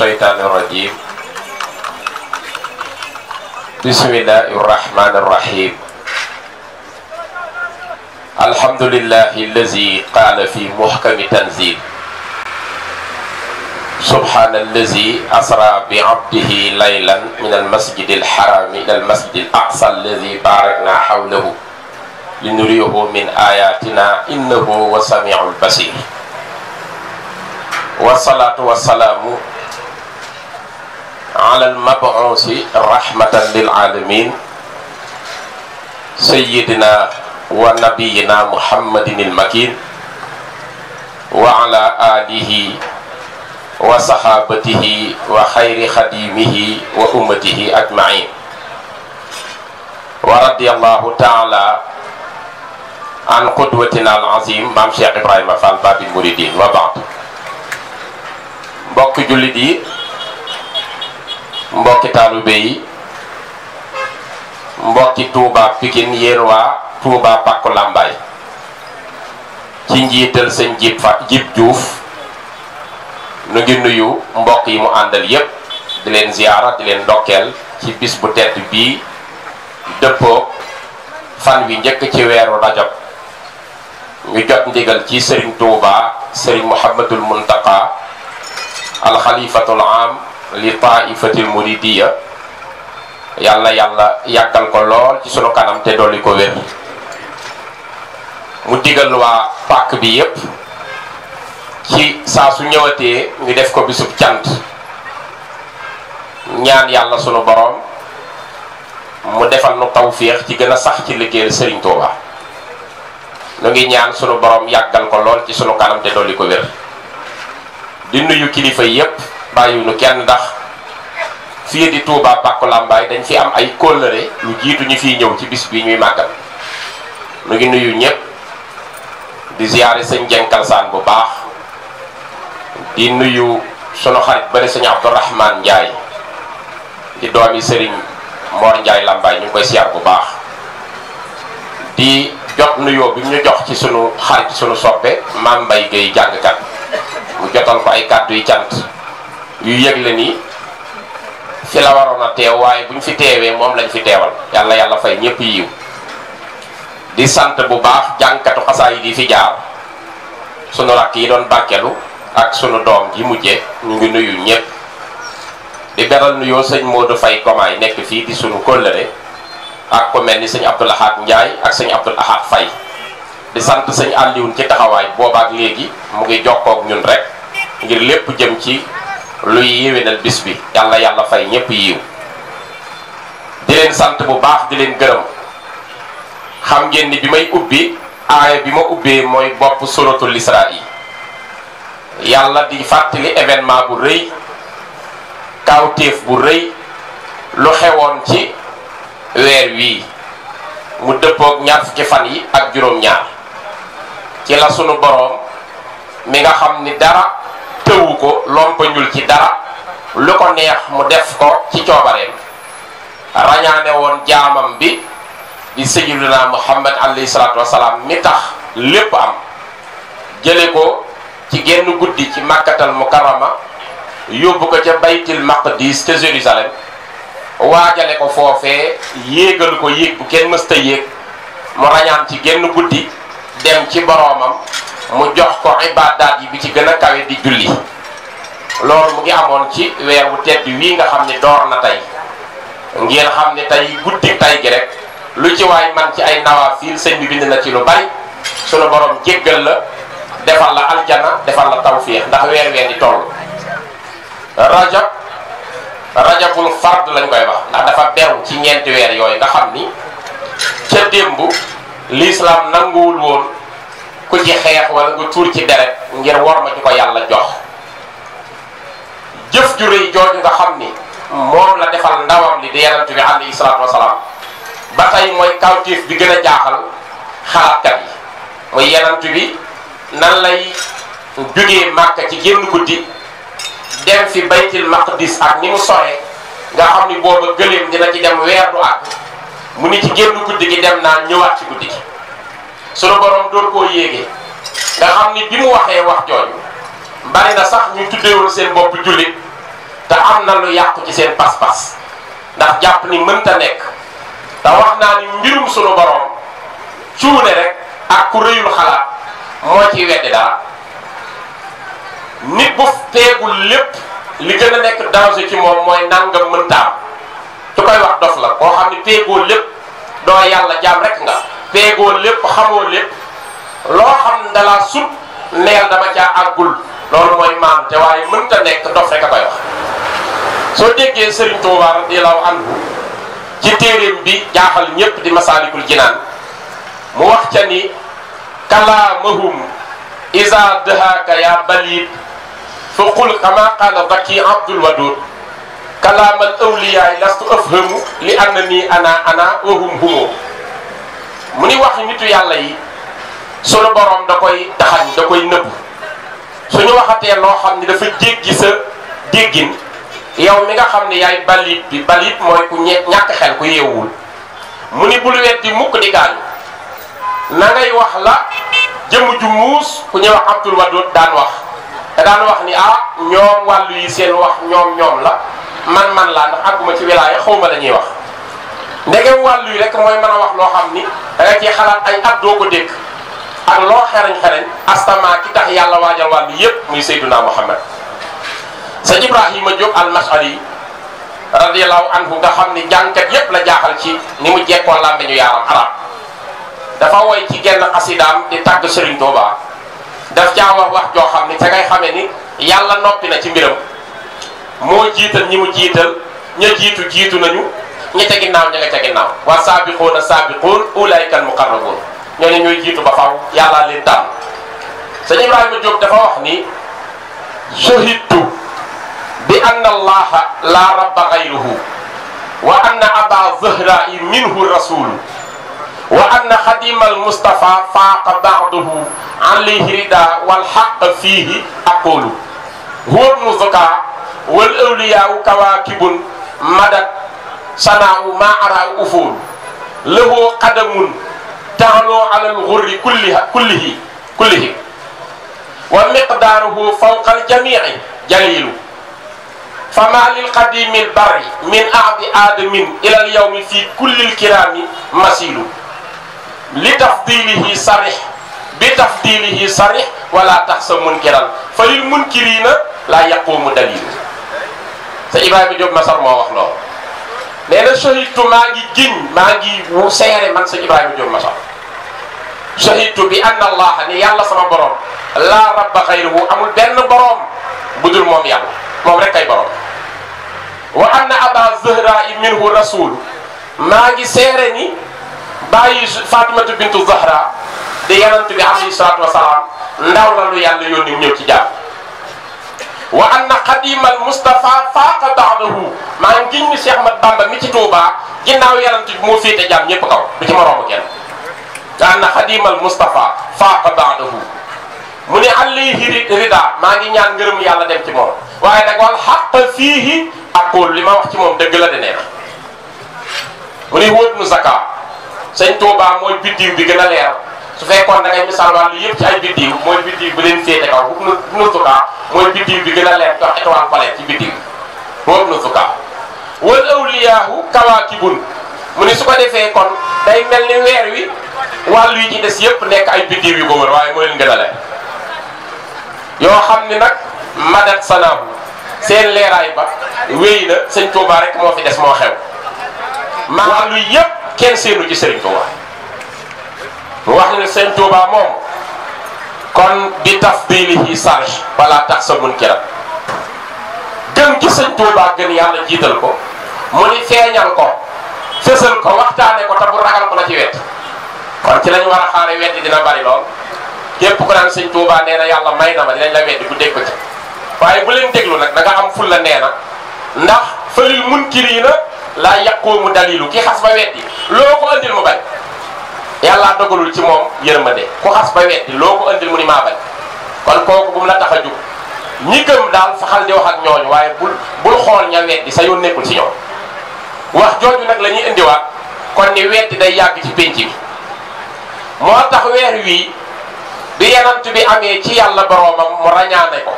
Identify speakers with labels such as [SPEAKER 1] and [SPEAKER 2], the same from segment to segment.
[SPEAKER 1] الشيطان الرجيم بسم الله الرحمن الرحيم الحمد لله الذي قال في محكم تنزيل سبحان الذي أسرى بعبده ليلا من المسجد الحرام إلى المسجد الأقصى الذي باركنا حوله لنريه من آياتنا إنه هو السميع البصير والصلاة والسلام ala almabuusi rahmatan lil alamin sayyidina wa nabiyina muhammadin almakin wa ala alihi wa saxaabatihi wa xayri xadimihi wa ummatihi ajmain wa radiyallahu taala an qudwatina al azim maam Cheikh Ibrahima Fall babil muridin wa baad mbokk jullit yi mbokki taalube yi mbokki Touba Pikine yéen waa Touba Pakku ci njiital sëñ jib fa jib juuf nu ngi nuyu mbokk yi mu àndal yépp di leen ziyaara di leen ndokkeel ci bis bu tedd bii dëppoo fan wi njëkk ci weeru rajab ñu jot ndigal ci sëriñ Touba sëriñ Mouhamadul Muntaqa alxalifatul am li taifatil muridiya yàlla yàlla yàggal ko lool ci sunu kanam te dolli ko wér mu digal waa pàkk bi yépp ci saa su ñëwatee ñu def ko bisub cant ñaan yàlla sunu boroom mu defal nu tawféex ci gën a sax ci liggéey Sëriñ Tuuba nu ngi ñaan sunu boroom yàggal ko lool ci sunu kanam te dolli ko wér di nuyu kilifa yépp bàyyiwuñu kenn ndax fii di Touba Bàkku Làmbaay dañ fi am ay kóllëre lu jiitu ñu fiy ñëw ci bis bi ñuy màggal mu ngi nuyu ñëpp di ziyaare sëñ Jeng Kalsaan bu baax di nuyu sunu xarit bari sëñ Abdourahman Ndiaye di doomi sëriñ Mor Ndiaye Làmbaay ñu ngi koy siyaar bu baax di jot nuyoo bi ñu jox ci sunu xarit sunu soppe Maam Mbay Géey jàngkat mu jotal ko ay kàddu yi cant yu yëg la ni fi la waroon a teew waaye ñu fi teewee moom lañ fi teewal yàlla yàlla fay ñëpp yiw di sant bu baax jànkatu xasaa yi di fi jaar sunu rakk yi doon barkelu ak sunu doom ji mujje ñu ngi nuyu ñëpp di beral nuyoo sëñ Modou Faye Komaay nekk fii di sunu kóllëre ak ko mel ni sëñ Abdoul Ahad Ndiaye ak sëñ Abdoul Ahad Faye di sant sëñ Alioune ci taxawaay boobaak léegi mu ngi jokkook ñun rek ngir lépp jëm ci luy yéwénal bis bi yàlla yàlla fay ñépp yiw di leen sant bu baax di leen gërëm xam ngeen ni bi may ubbi aaya bi ma ubbee mooy bopp suratul isra yi yàlla di fàttali événement bu rëy kawtéef bu rëy lu xewoon ci weer wii mu dëppoog ñaar fukki fan yi ak juróom-ñaar ci la sunu boroom mi nga xam ni dara ittewu ko lompañul ci dara lu ko neex mu def ko ci coobareem rañaane woon jaamam bi di sayyidina muhammad alayhi salaatu wasalaam mi tax lépp am jële ko ci genn guddi ci màkkatal mukarrama yóbbu ko ca baytil maqdis te Jérusalem waajale ko foofee yéegal ko yéeg bu kenn mësta yéeg mu rañaan ci genn guddi dem ci boroomam mu jox ko ibaadaat yi bi ci gën a kawe di julli loolu mu ngi amoon ci weer wu tedd wii nga xam ne door na tey ngeen xam ne tey guddi tey gi rek lu ci waay man ci ay nawaafil sëñ bi bind na ci lu bari sunu borom jéggal la defal la aljana defal la tawfiix ndax weer weer di toll rajab rajabul fard lañ koy wax ndax dafa beru ci ñeenti weer yooyu nga xam ni ca démb lislaam nanguwul woon ku ci xeex wala nga tuur ci deret ngir wor ma ci ko yàlla jox jëf ju jooju nga xam ni moom la defal ndawam li di yonent bi alayhi salaatu wasalaam ba tey mooy kawtiif bi gën a jaaxal xalaatkat yi mooy yonent bi nan lay jógee màkka ci génn guddi dem fi baytil maqdis ak ni mu sore nga xam ni booba gëléem dina ci dem weer du at mu ni ci génn guddi gi dem naa ñëwaat ci guddi gi sunu borom doon koo yéegee nga xam ni bi mu waxee wax jooju bari na sax ñu tuddeewoon seen bopp jullit te am na lu yàqu ci seen pas-pas ndax jàpp ni mënta nekk te wax naa ni mbirum sunu borom cuune rek ak ku rëyul xalaat moo ciy weddi dara nit bu teegul lépp li gën a nekk danger ci moom mooy nga mëntaam su koy wax dof la koo xam ni teegoo lépp doo yàlla jaam rek nga. déegoo lépp xamoo lépp loo xam dalaa sut neel dama caa àggul loolu mooy maam te waaye mënta nekk dof rek a koy wax soo déggee Serigne Touba radiyallahu anhu ci téeréem bi jaaxal ñépp di masaalikul jinaan mu wax ca ni kalaamahum isa dëhaaka yaa balid fa qul kama qaala zaki abdul wadud kalaamal awliyaay lastu afhamu li anna nii ana ana wahum humoo mu ni wax nitu yàlla yi sunu borom da koy taxañ da koy nëbbu suñu waxatee loo xam ni dafa jéggi sa déggin yow mi nga xam ni yaay balit bi balit mooy ku ñe ñàkk xel ku yeewul mu ni bul weddi mukk di gaañu na wax la jëmm ju muus ku ñuy wax Abdul wax daan wax ni ah ñoom wàllu yi seen wax ñoom ñoom la man man laa ndax àgguma ci wilaaya xawma la ñuy wax ndegem wàllu yi rek mooy mën a wax loo xam ni danga ciy xalaat ay at doo ko dégg ak loo xereñ xereñ astama ki tax yàlla waajal wàllu yépp muy Seyduna Muhammad sëñ Ibrahima Diop al-Mashari radiyallahu anhu nga xam ni jàngkat yépp la jaaxal ci ni mu jekkoon lam dañu yaaram arab dafa woy ci genn xasidaam di tàgg Serigne Touba daf caa wax wax joo xam ni ca ngay xamee ni yàlla noppi na ci mbiram moo jiital ñi mu jiital ña jiitu jiitu nañu ña ca ginnaaw ña nga ca ginnaaw wa saabiquuna saabiquun ulaayka al muqarrabuun ñoo ne ñooy jiitu ba faw yàllaa leen tànn sëñ Ibrahima Diop dafa wax ni shahidtu bi anna allaha la rabba gayruhu wa anna aba zahrai minhu rasulu wa anna xadima almustafa faaqa baaduhu alayhi rida walxaq fiihi aqulu huwa almuzaka wal awliyaa kawaakibun madat sanaawu maa araaw ufoon lëhoo xadamun taxaloo alal xurri kulliha kullihi kullihi wa miqdaaruhu fawqal jamiici jaliilu fama lil qadimil barri min ahdi aadamin ilal yawmi fii kullil kiraami masiilu li tafdiilihi sarix bi tafdiilihi sarix wala tax sa munkiral fa lil munkiriina laa yaquumu daliilu sa Ibrahima Diop Masar moo wax loolu nee na sahitu maa ngi giñ maa ngi mu seere man sëñ Ibrahima Diop Masar sahitu bi anna allah ni yàlla sama borom laa rabba xayruhu amul benn boro bu dul moom yàlla moom rek ay borom. wa anna aba zahra minhu rasul maa ngi seere ni bàyyi Fatimatu bintu Zahra di yonent bi alayhi salaatu wasalaam ndaw la lu yàlla yónni ñëw ci jàmm. wa anna xadimal Moustapha faaqa baadahu maa ngi giñ ni Cheikh Ahmad Bamba mi ci Touba ginnaaw yarante bi moo féete jaam ñëpp kaw du ci moromu kenn. wa anna xadimal Moustapha faaqa baadahu mu ne alayhi rida maa ngi ñaan ngërëm yàlla dem ci moom waaye nag wal xaq fiihi aqul li ma wax ci moom dëgg la de nee na mu ne wóot nu zaka sëñ Touba mooy biddiw bi gën a leer. su fekkoon da ngay misaal wàllu yëpp ci ay biddiw mooy biddiw bi leen féete kaw bu nu sukaa mooy biddiw bi gën a leer tax étoile pale ci biddiw boobu nu sukaa wal awliyaahu kawaakibun mu ni su ko defee kon day mel ni weer wi wàllu yi ci des yëpp nekk ay biddiw yu ko wër waaye leen gën a yoo xam ni nag madat sanaahu seen leeraay ba wéy na sëñ Tuubaa moo fi des moo xew wàllu yëpp kenn seenu ci sëriñ Tuubaa mu wax ne sëñ Touba moom kon di taf biilihi sarge balaa tax sa munkira gën gi sëñ Touba gën yàlla jiital ko mu ni feeñal ko fësal ko waxtaane ko te bu ragal ko la ci wet kon ci lañ war a xaare weddi dina bari lool képp ku naan sëñ Touba nee na yàlla may na ma dinañ la weddi bu dégg ci waaye bu leen déglu nag da nga am ful la nee na ndax fëlil munkiriina laa yàqoo mu dalilu ki xas ba weddi loo ko andil mu bañ yàllaa dogalul ci moom yërmande ku xas ba weddi loo ko andil mu ni maa bañ kon kooku bu mu la tax a jug ñi gëm daal saxal di wax ak ñooñu waaye bul bul xool ña weddi sa yoon ci ñoom wax jooju nag lañuy ñuy indiwaat kon ni weddi day yàgg ci pénc bi moo tax weer wii bi yenant bi amee ci yàlla boroomam mu rañaane ko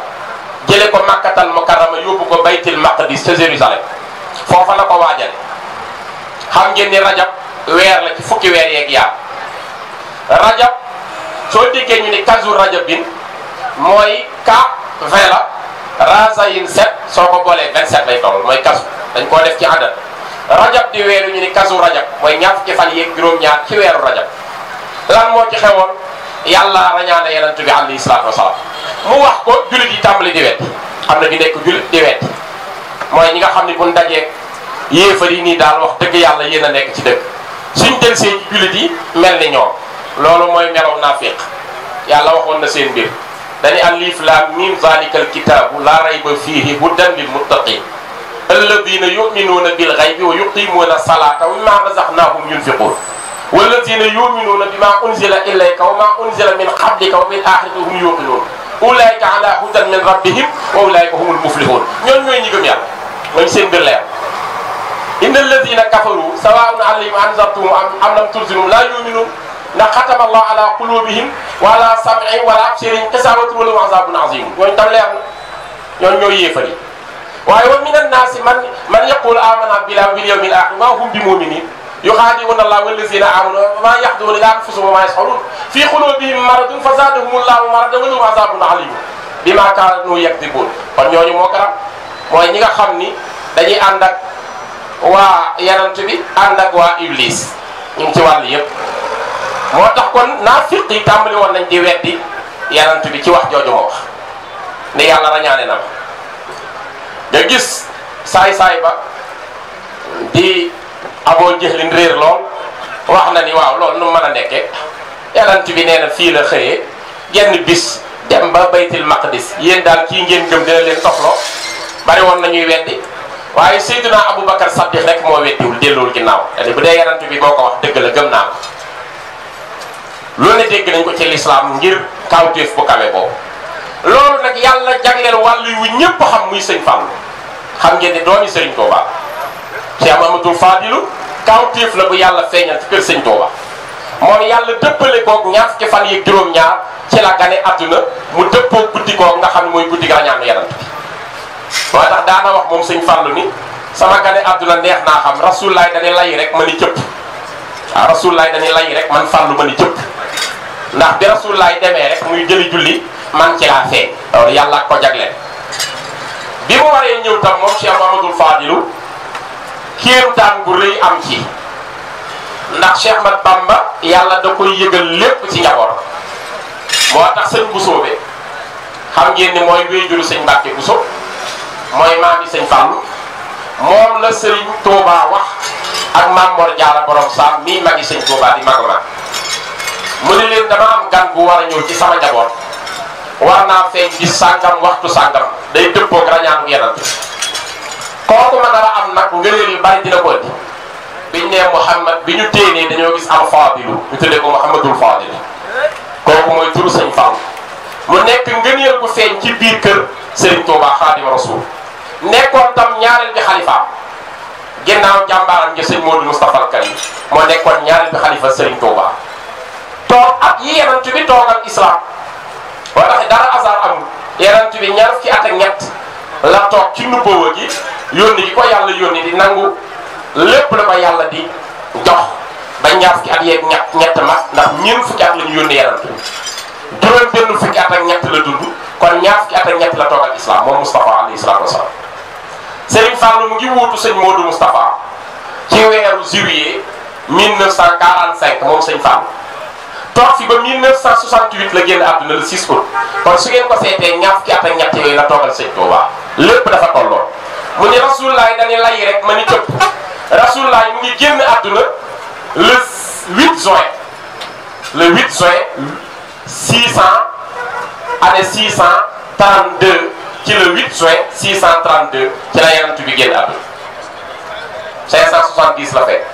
[SPEAKER 1] jële ko màkkatal mukarrama yóbbu ko baytil maqdis ca Jérusalem foofa la ko waajale xam ngeen ni rajab weer la ci fukki weer yeeg yaa rajab soo déggee ñu ni kazu rajab bin mooy ka 20 la raza yin 7 soo ko boolee 27 lay toll mooy kazu dañ koo def ci adat rajab di weeru ñu ni kazu rajab mooy ñaar fukki fan yeeg juróom-ñaar ci weeru rajab lan moo ci xewoon yàlla rañaana yonent bi alayhi salaatu wasalaam mu wax ko jullit yi tàmbali di weet am na ñu nekk jullit di weet mooy ñi nga xam ne buñ dajee yéefar yi nii daal wax dëgg yàlla yéen a nekk ci dëkk suñ del see jullit yi mel loolu mooy melaw naafiq yàlla waxoon na seen mbir dañu alif laam miim zalikal kitaabu laa rayba fiihi hudan lil muttaqin alladina yuminuuna bil xaybi wa yuqimuuna salaata wa mimma razaqnahum yunfiquun walladina yuminuuna bima unzila ilayka wa ma unzila min qablika wa bil axirati hum yuqinuun ulaika ala hudan min rabbihim wa ulaika humul muflihun ñoom ñooy ñi gëm yàlla mooy seen mbir leer inna alladina kafaru sawaun alayhim anzartum am lam tunzirum la yuminuun ndax xatama allah ala qulubihim wa ala sam'ihim wa ala absarihim xisaawatun wa lahum azabun azim ñooñu tam leer na ñooñu ñooy yéefar yi waaye wa min annaasi man man yaqul amana billahi wal yawmil axir ma hum bi muminin yuxaadi'uuna allaha wallazina amanu ma yaxduuna illa anfusahum wa ma yash'urun fi qulubihim maradun fa zaadahum allahu maradan wa lahum azabun alim bima kaanu yakdibuun kon ñooñu moo garab mooy ñi nga xam ni dañuy ànd ak waa yanant bi ànd ak waa iblis ñu ngi ci wàll yëpp moo tax kon naafiq yi tàmbali woon nañ di weddi yonent bi ci wax jooju ma wax ni yàlla rañaane na ma nga gis saay-saay ba di aboo jëxlin réer lool wax na ni waaw loolu nu mën a nekke yonent bi nee na fii la xëyee genn bis dem ba baytil maqdis yéen daal kii ngeen gëm dina leen toxloo bari woon nañuy weddi waaye abu Aboubacar Saddiq rek moo weddiwul dellool ginnaaw te bu dee yonent bi boo ko wax dëgg la gëm naa ko loolu ne dégg nañ ko ci lislaam ngir kawteef bu kawe boobu loolu nag yàlla jagleel wàllu wu ñëpp xam muy sëñ Fallu xam ngeen ne doomi sëriñ Touba Cheikh Mamadou Fadilu kawteef la bu yàlla feeñal ci kër sëñ Touba moom yàlla dëppale koog ñaar fukki fan yi juróom-ñaar ci la gane àdduna mu dëppoo guddi koog nga xam ne mooy guddi garañaanu yarant bi tax daana wax moom sëñ Fallu ni sama gane àdduna neex naa xam rasulaay dane lay rek ma ni cëpp ah rasulilaay dañuy lay rek man fàllu ma ni cëpp ndax bi rasulilaay demee rek muy jëli julli man ci laa feeñ loolu yàlla ko jagleel bi mu waree ñëw tam moom Cheikh Mamadou Fadilu kéemtaan gu rëy am ci ndax Cheikh Mat yàlla da koy yëgal lépp ci njaboot moo tax sëñ Bousso xam ngeen ni mooy wéyjuru sëñ Mbàkke Bousso mooy maami sëñ Fàllu moom la sëriñ Touba wax ak maam Mor a borom saam mii magi sëñ Tuubaa di maguma mu ne leen dama am gan bu war a ñëw ci sama njaboot war naa feeñ ci sàngam waxtu sàngam day dëppoog rañaanu yenant kooku ma dara am nag ngëneel yu bari dina ko ëndi biñ nee Muhammad bi ñu téenee dañoo gis am faadilu ñu tuddee ko Muhammadul Faadil kooku mooy turu sëñ Fall mu nekk ngëneel bu ci biir kër Sëriñ Tuubaa bi xalifaam ginnaaw jàmbaaram ja sëñ Modou Moustapha Al Karim moo nekkoon ñaareel bi xalifa Serigne Touba toog ak yi yenant bi toogal islam moo tax dara hasard amul yenant bi ñaar fukki at ak ñett la ci nubbawa gi yónni gi ko yàlla yónni lépp la ko yàlla di jox ba ñaar fukki at yeeg ñett ñett mag ndax ñeent fukki at la ñu yónni yenant bi juróom benn fukki at ak ñett la dund kon ñaar fukki at ñett la toogal islam moom Moustapha alayhi salaatu wasalaam Serigne Fallou mu ngi wuutu sëñ Modou Moustapha ci weeru juillet 1945 moom sëñ Fallou toog fi ba 1968 la génn àdduna le 6 août kon su ngeen ko seetee ñaar fukki at ak yooyu la toogal sëñ Touba lépp dafa tolloo mu ne Rasulullaay dañuy lay rek ma ni cëpp Rasulullaay mu ngi génn àdduna le 8 juin le 8 juin 600 année 632. ci le 8 juin 632 ci la yonent bi génn àdduna 570 la fekk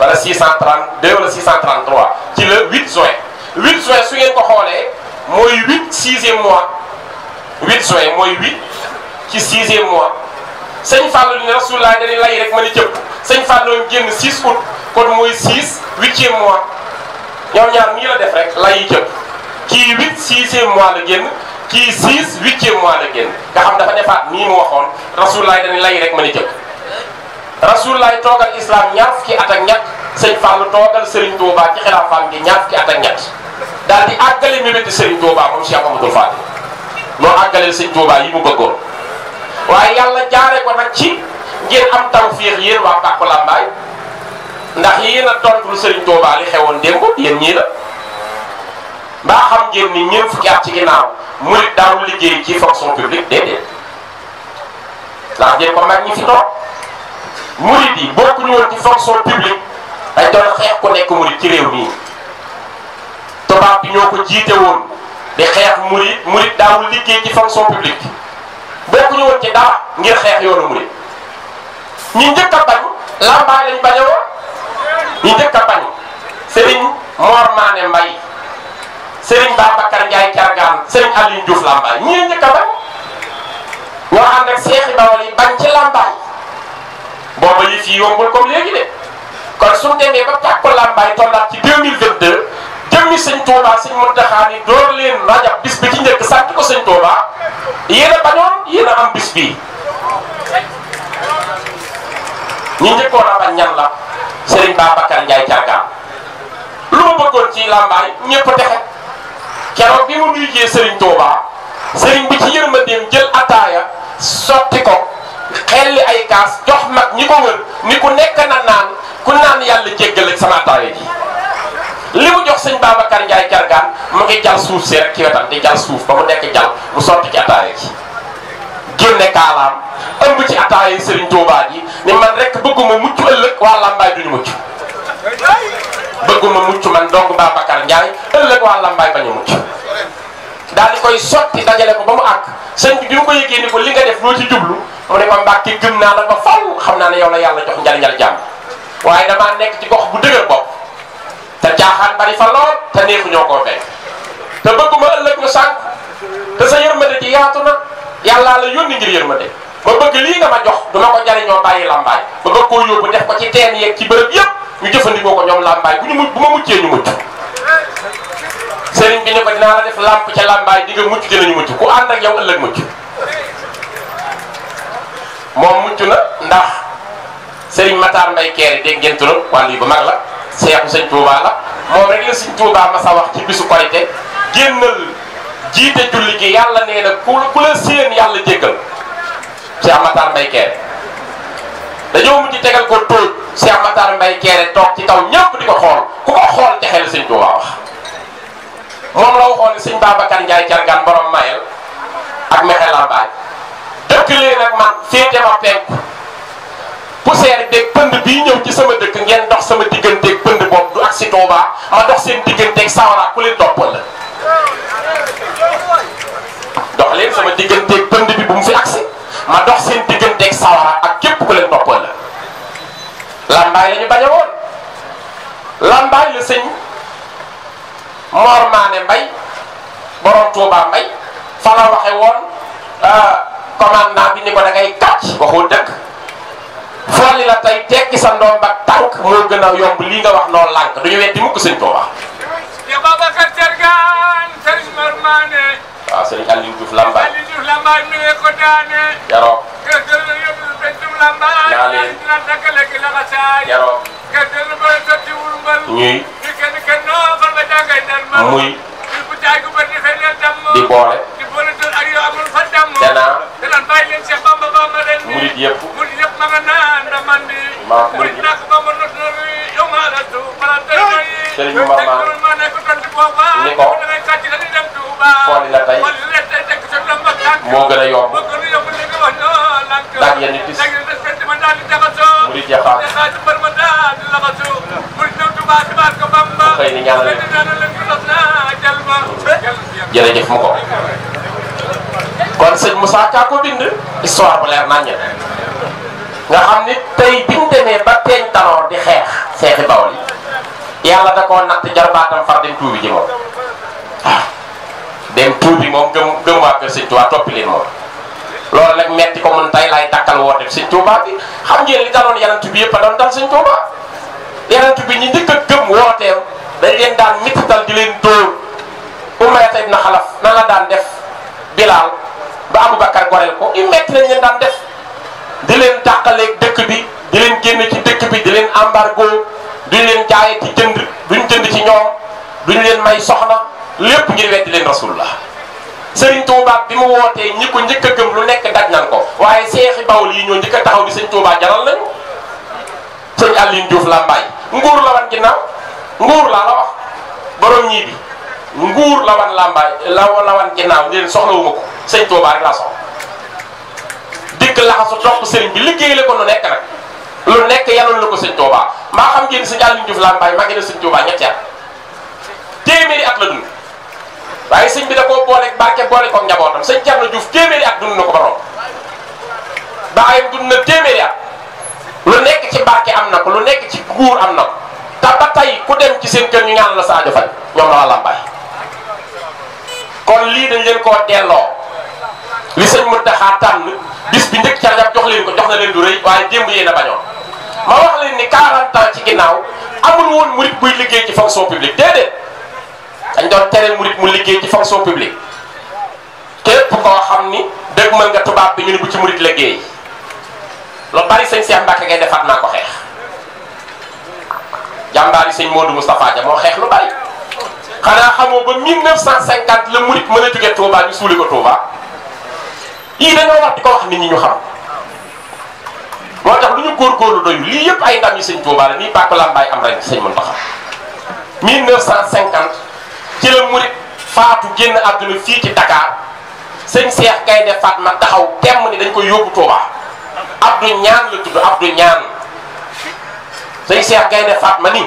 [SPEAKER 1] wala 632 wala 633 ci le 8 juin 8 juin su ngeen ko xoolee mooy 8 sixième mois 8 juin mooy 8 ci sixième mois sëñ Fallou ne Rasulullah dañuy lay rek ma ni cëpp sëñ Fallou génn 6 août kon mooy 6 huitième mois ñoom ñaar la rek lay yi kii huit sixième mois la génn kii six huitième mois la génn nga xam dafa defaat nii mu waxoon rasulaay dañu lay rek mën a jëkk rasulaay toogal islam ñaar fukki at ak ñett sëñ Fall toogal Serigne Touba ci xilaafam gi ñaar fukki at ak ñett daal di àggale mébéti Serigne Touba moom Cheikh Amadou Fall moo àggaleel sëñ Touba yi mu bëggoon waaye yàlla jaaree ko nag ci ngeen am tawfiix yéen waa Pàkku Lambaay ndax yéen a tontul Serigne Touba li xewoon démb yéen mbaa xam ngeen ni ñeent fukki at ci ginnaaw murit daawul liggéey ci fonction publique déedéet ndax ngeen ko mag ñi fi toog murit yi bokkuñu woon ci fonction publique dañ doon xeex ku nekk murit ci réew mii tubaab bi ñoo ko jiite woon di xeex murit murit daawul liggéey ci fonction publique bokkuñu woon ci dara ngir xeex yoonu murit ñi njëkk a bañ lambaay lañ bañoo ñi njëkk a bañ Serigne Mor Mané Mbaye Serigne Babacar Ndiaye Cargaan Serigne Aliou Diouf Lambaay ñii njëkk a bañ ñoo ànd ak seexi bawal yi bañ ci Lambaay booba yi fii yombul comme léegi de kon su demee ba tàkku Lambaay tollaat ci 2022 jëmmi sëñ Touba sëñ Muntaxa ni door leen rajab bis bi ci njëkk sant ko sëñ Touba yéen a bañoon yéen a am bis bii ñi njëkkoon a bañ ñan la Serigne Babacar Ndiaye Cargaan lu ma bëggoon ci Lambaay ñëpp a texe keroog bi mu nuyu jiyee Serigne Touba Serigne bi ci yërmandeem jël ataaya sotti ko xelli ay kaas jox mag ñi ko wër ni ku nekk na naan ku naan yàlla jéggal ak sama ataaya ji. li mu jox sëñ Babacar Ndiaye Cargaan mu ngi jal suuf si rek ci wetam di jal suuf ba mu nekk jal mu sotti ci ataaya ji génne kaalaam ëmb ci ataaya yi Serigne Touba ji ni man rek bëgguma mucc ëllëg waa Lambaay duñu mucc. bëgguma mucc man dong Babacar Ndiaye ëllëg waa Lambaay bañ a mucc daal di koy sotti dajale ko ba mu àgg sëñ bi bi mu ko yëgee ni ko li nga def loo ci jublu mu ne ko Mbàkke gëm naa la ba faw xam naa ne yow la yàlla jox njariñal jàmm waaye damaa nekk ci gox bu dëgër bopp te caaxaan bari fa lool te neexu ñoo koo fekk te bëgguma ëllëg mu sànq te sa yërmande ji yaatu na yàllaa la yónni ngir yërmande ma bëgg lii nga ma jox du ma ko jariñoo bàyyi koo yóbbu def ko ci teen yeeg ci bërëb yëpp ñu jëfandikoo ko ñoom làmbaay bu ñu mucc bu ma muccee ñu mucc sëriñ bi ne ko dinaa la def làmp ca làmbaay di nga mucc dinañu mucc ku ànd ak yow ëllëg mucc moom mucc na ndax sëriñ Matar Mbay Keere dégg ngeen turam wàllu yi ba mag la seexu sëñ Touba la moom rek la sëñ Touba ma sa wax ci bisu korite génnal jiite julli gi yàlla nee na ku la séen yàlla jéggal seex Matar Mbay Keere dañoo mujj tegal ko tóoj Cheikh Matar Mbaye Kéré toog ci kaw ñëpp di ko xool ku ko xool te xel sëñ Tuubaa wax moom la waxoon ne sëñ Babacar Ndiaye Cargaan borom Mayel ak Mexe Lambaay dëkk lee nag man féete ma penku poussière beeg pënd bii ñëw ci sama dëkk ngeen dox sama digganteeg pënd boobu du ak Tuubaa ma dox seen digganteeg sawara ku leen toppal la dox leen sama digganteeg pënd bi bu mu fi agsi ma dox seen digganteeg sawara ak képp ku leen toppal la lambaay la ñu bañ a woon lambaay la sëñ Mor Mbay borom Touba Mbay fa waxe woon euh, commandant bi ni ko da ngay kàcc waxul dëgg la tey tekki sa ndoom ba tànk gën a yomb lii nga wax noo lànk du ñu weddi mukk sëñ Touba. ya Babacar Thiergane lambaay yaroo. ñaan yi yaroo ñuy muy di boole danaa murit yëpp maa murit yëpp Serigne Mama ni ko fooli la tey moo gën a yomb. daal yéen a gis murid Jaxaar mu xëy na ñaanal jërëjëf mu ko. kon sëñ Moussa Ka ko bind histoire bu leer naññ nga xam ni tey bi mu demee ba teeñ tanoor di xeex seexi bawol yi yàlla da koo natt jarbaatam far dem tuubi ji moom ah, dem tuubi moom gëm gëm waa kër sëñ moom. loolu nag metti ko mun tay lay takkal woote bi sëñ bi xam ngeen li daloon yonent bi yëpp a doon dal sëñ Tuuba yonent bi ñi njëkk a gëm wooteem dañ leen daan mitital di leen dóor Umayya ibn Xalaf nan la daan def Bilaal ba Abu Bakar goreel ko i metti lañ leen daan def di leen tàqaleeg dëkk bi di leen génn ci dëkk bi di leen embargo di leen jaayee ci jënd duñ jënd ci ñoom duñ leen may soxna lépp ngir weddi leen rasulullah Serigne Touba bi mu wootee ñi ko njëkk a gëm lu nekk daj nan ko waaye seexi baw yi ñoo njëkk a taxaw di sëñ Touba jaral nañu sëñ Aline Diouf Lambaye nguur la wan ginnaaw nguur laa la wax borom ñii bi nguur la wan Lambaye la la wan ginnaaw leen soxlawuma ko sëñ Touba rek laa soxla dikk laxasu topp sëriñ bi liggéey la ko lu nekk nag lu nekk yaloon la ko sëñ Touba maa xam ngeen sëñ Aline Diouf Lambaye maa ngi ne sëñ Touba ñetti at téeméeri waaye sëñ bi da koo booleeg barke boole koog njabootam sëñ Thierno Diouf téeméeri at dund na ko borom baayam dund na téeméeri at lu nekk ci barke am na ko lu nekk ci guur am na ko te ba tey ku dem ci seen kër ñu ñaan la Sadio Faye ñoom la waa Lambaye kon lii dañ leen koo delloo li sëñ Mountakha tànn bis bi njëkk ca rajab jox leen ko jox na leen du rëy waaye démb yéen a bañoon ma wax leen ni 40 ans ci ginnaaw amul woon murit buy liggéey ci fonction publique dañ doon tere murit mu liggéey ci fonction publique képp koo xam ni dëgg mën nga tubaab bi ñu ne bu ci murit liggéey lu bari sëñ Cheikh Mbacke ngay defaat naa ko xeex jàmbaari sëñ Modou Moustapha Dia moo xeex lu bari xanaa xamoo ba 1950 la murit mën a jógee Touba ñu suuli ko Touba yii dañoo wax di ko wax nit ñi ñu xam moo tax lu ñu góorgóorlu doyu lii yëpp ay ndam yi sëñ Touba la nii Pàkk Lambaay am ren sëñ Mountakha 1950. ci la murit faatu génn àdduna fii ci Dakar sëñ Cheikh Gaynde Fatma taxaw tem ni dañ koy yóbbu Touba Abdou Ñaan la tudd Abdou Ñaan sëñ Cheikh Gaynde Fatma ni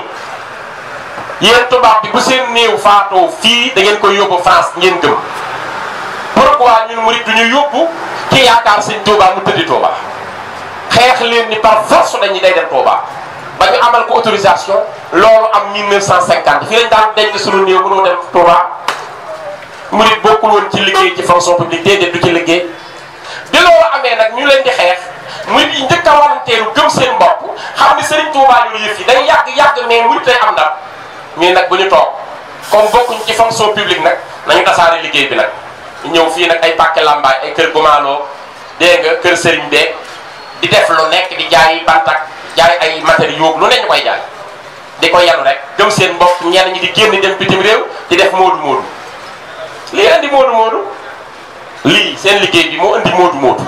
[SPEAKER 1] yéen tubaab bi bu seen néew faatoo fii da ngeen koy yóbbu France ngeen gëm pourquoi ñun murit du ñu yóbbu ki yaakaar sëñ Touba mu tëddi Touba xeex leen ni par force dañuy day dem Touba. ba ñu amal ko autorisation loolu am 1950 fii lañ daan denc suñu néew mënoo dem Touba murit bokkul woon ci liggéey ci fonction publique déedéet du ci liggéey di loolu amee nag ñu leen di xeex murit yi njëkk a waranteeru gëm seen bopp xam ni Serigne Touba ñu yëf yi day yàgg yàgg mais murit day am ndam mais nag bu ñu toog comme bokkuñ ci fonction publique nag nañu tasaare liggéey bi nag ñëw fii nag ay pàcc lambaay ay kër gomaaloo dégg nga kër Serigne def lu nekk di jaayi bantak jaay ay matériaux lu ne ñu koy jaay di ko yanu rek gëm seen mbokk ñenn ñi di génn dem bitim réew di def moodu moodu lii andi moodu moodu lii seen liggéey bi moo andi moodu moodu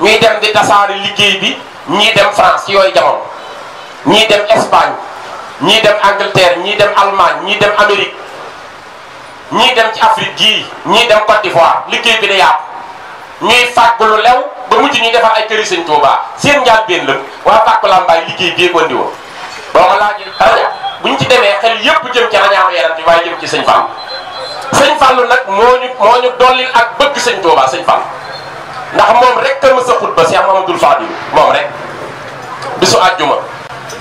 [SPEAKER 1] ñuy dem di tasaare liggéey bi ñii dem France ci yooyu jamono ñii dem Espagne ñii dem Angleterre ñii dem Allemagne ñii dem Amérique ñii dem ci Afrique gii ñii dem Côte d'Ivoire liggéey bi da yàqu ñuy fàgg lew ba mujj ñuy defar ay këri sëñ Touba seen njaal benn la waa Pàkku Lambaay liggéey bee ko andi woon boo ma laajee rajo bu ñu ci demee xel yëpp jëm ci rañaanu yaram bi waaye jëm ci sëñ Fall sëñ Fall nag moo ñu moo ñu dollil ak bëgg sëñ Touba sëñ Fall ndax moom rek ka mës a xutba Cheikh Mamadou Fadil moom rek bisu àjjuma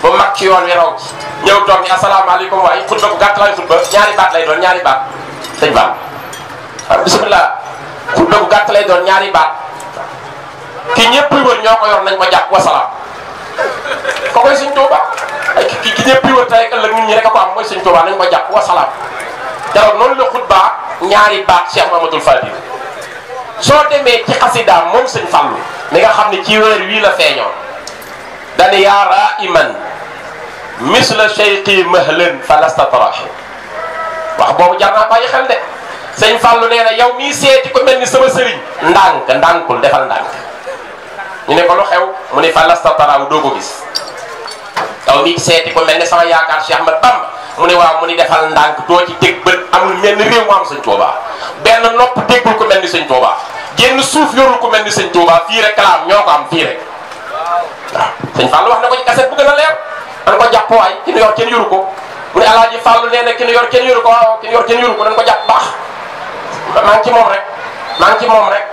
[SPEAKER 1] ba mag ci yoon wi raw ci ñëw toog ni asalaamaaleykum waaye xutba bu gàtt laay ñaari baat lay doon ñaari baat sëñ Fall waaw bisimilah xutba bu gàtt lay doon ñaari baat ki ñëpp wër ñoo ko yor nañ ko jàpp wasalaam ko koy sëñ Tuuba ay ki ki ñëpp wër tey ëllëg nit ñi a ko am mooy sëñ Tuuba nañ ko jàpp wasalaam jaroon noonu la xutba ñaari baat Cheikh Mamadou Fadil soo demee ci xasidaam moom sëñ Fallu mi nga xam ne ci weer wii la feeñoo dani yaa raiman misla fa mahlan falastatrax wax boobu jar naa bàyyi xel de sëñ Fallu nee na yow mii seeti ko mel sama sëriñ ndànk ndànkul defal ndànk ñu ne ko lu xew mu ne fa lastataraaw doo ko gis taw mi seeti ko mel sama yaakaar Cheikh Ahmad Bamba mu ne waaw mu ni defal ndànk doo ci dégg bët amul mel ni mu am sëñ Tuuba benn nopp déggul ko mel ni sëñ Tuuba génn suuf yorul ko mel ni sëñ Tuuba fii rek kalaam ñoo ko am fii rek
[SPEAKER 2] waaw
[SPEAKER 1] sëñ Fall wax na ko ci kaset bu a ko jàpp waay ki nu yor kenn yoru ko mu ne alaaji Fall nee na ki nu yor kenn yoru ko waaw ko dañ ko jàpp baax maa ngi moom rek man ngi moom rek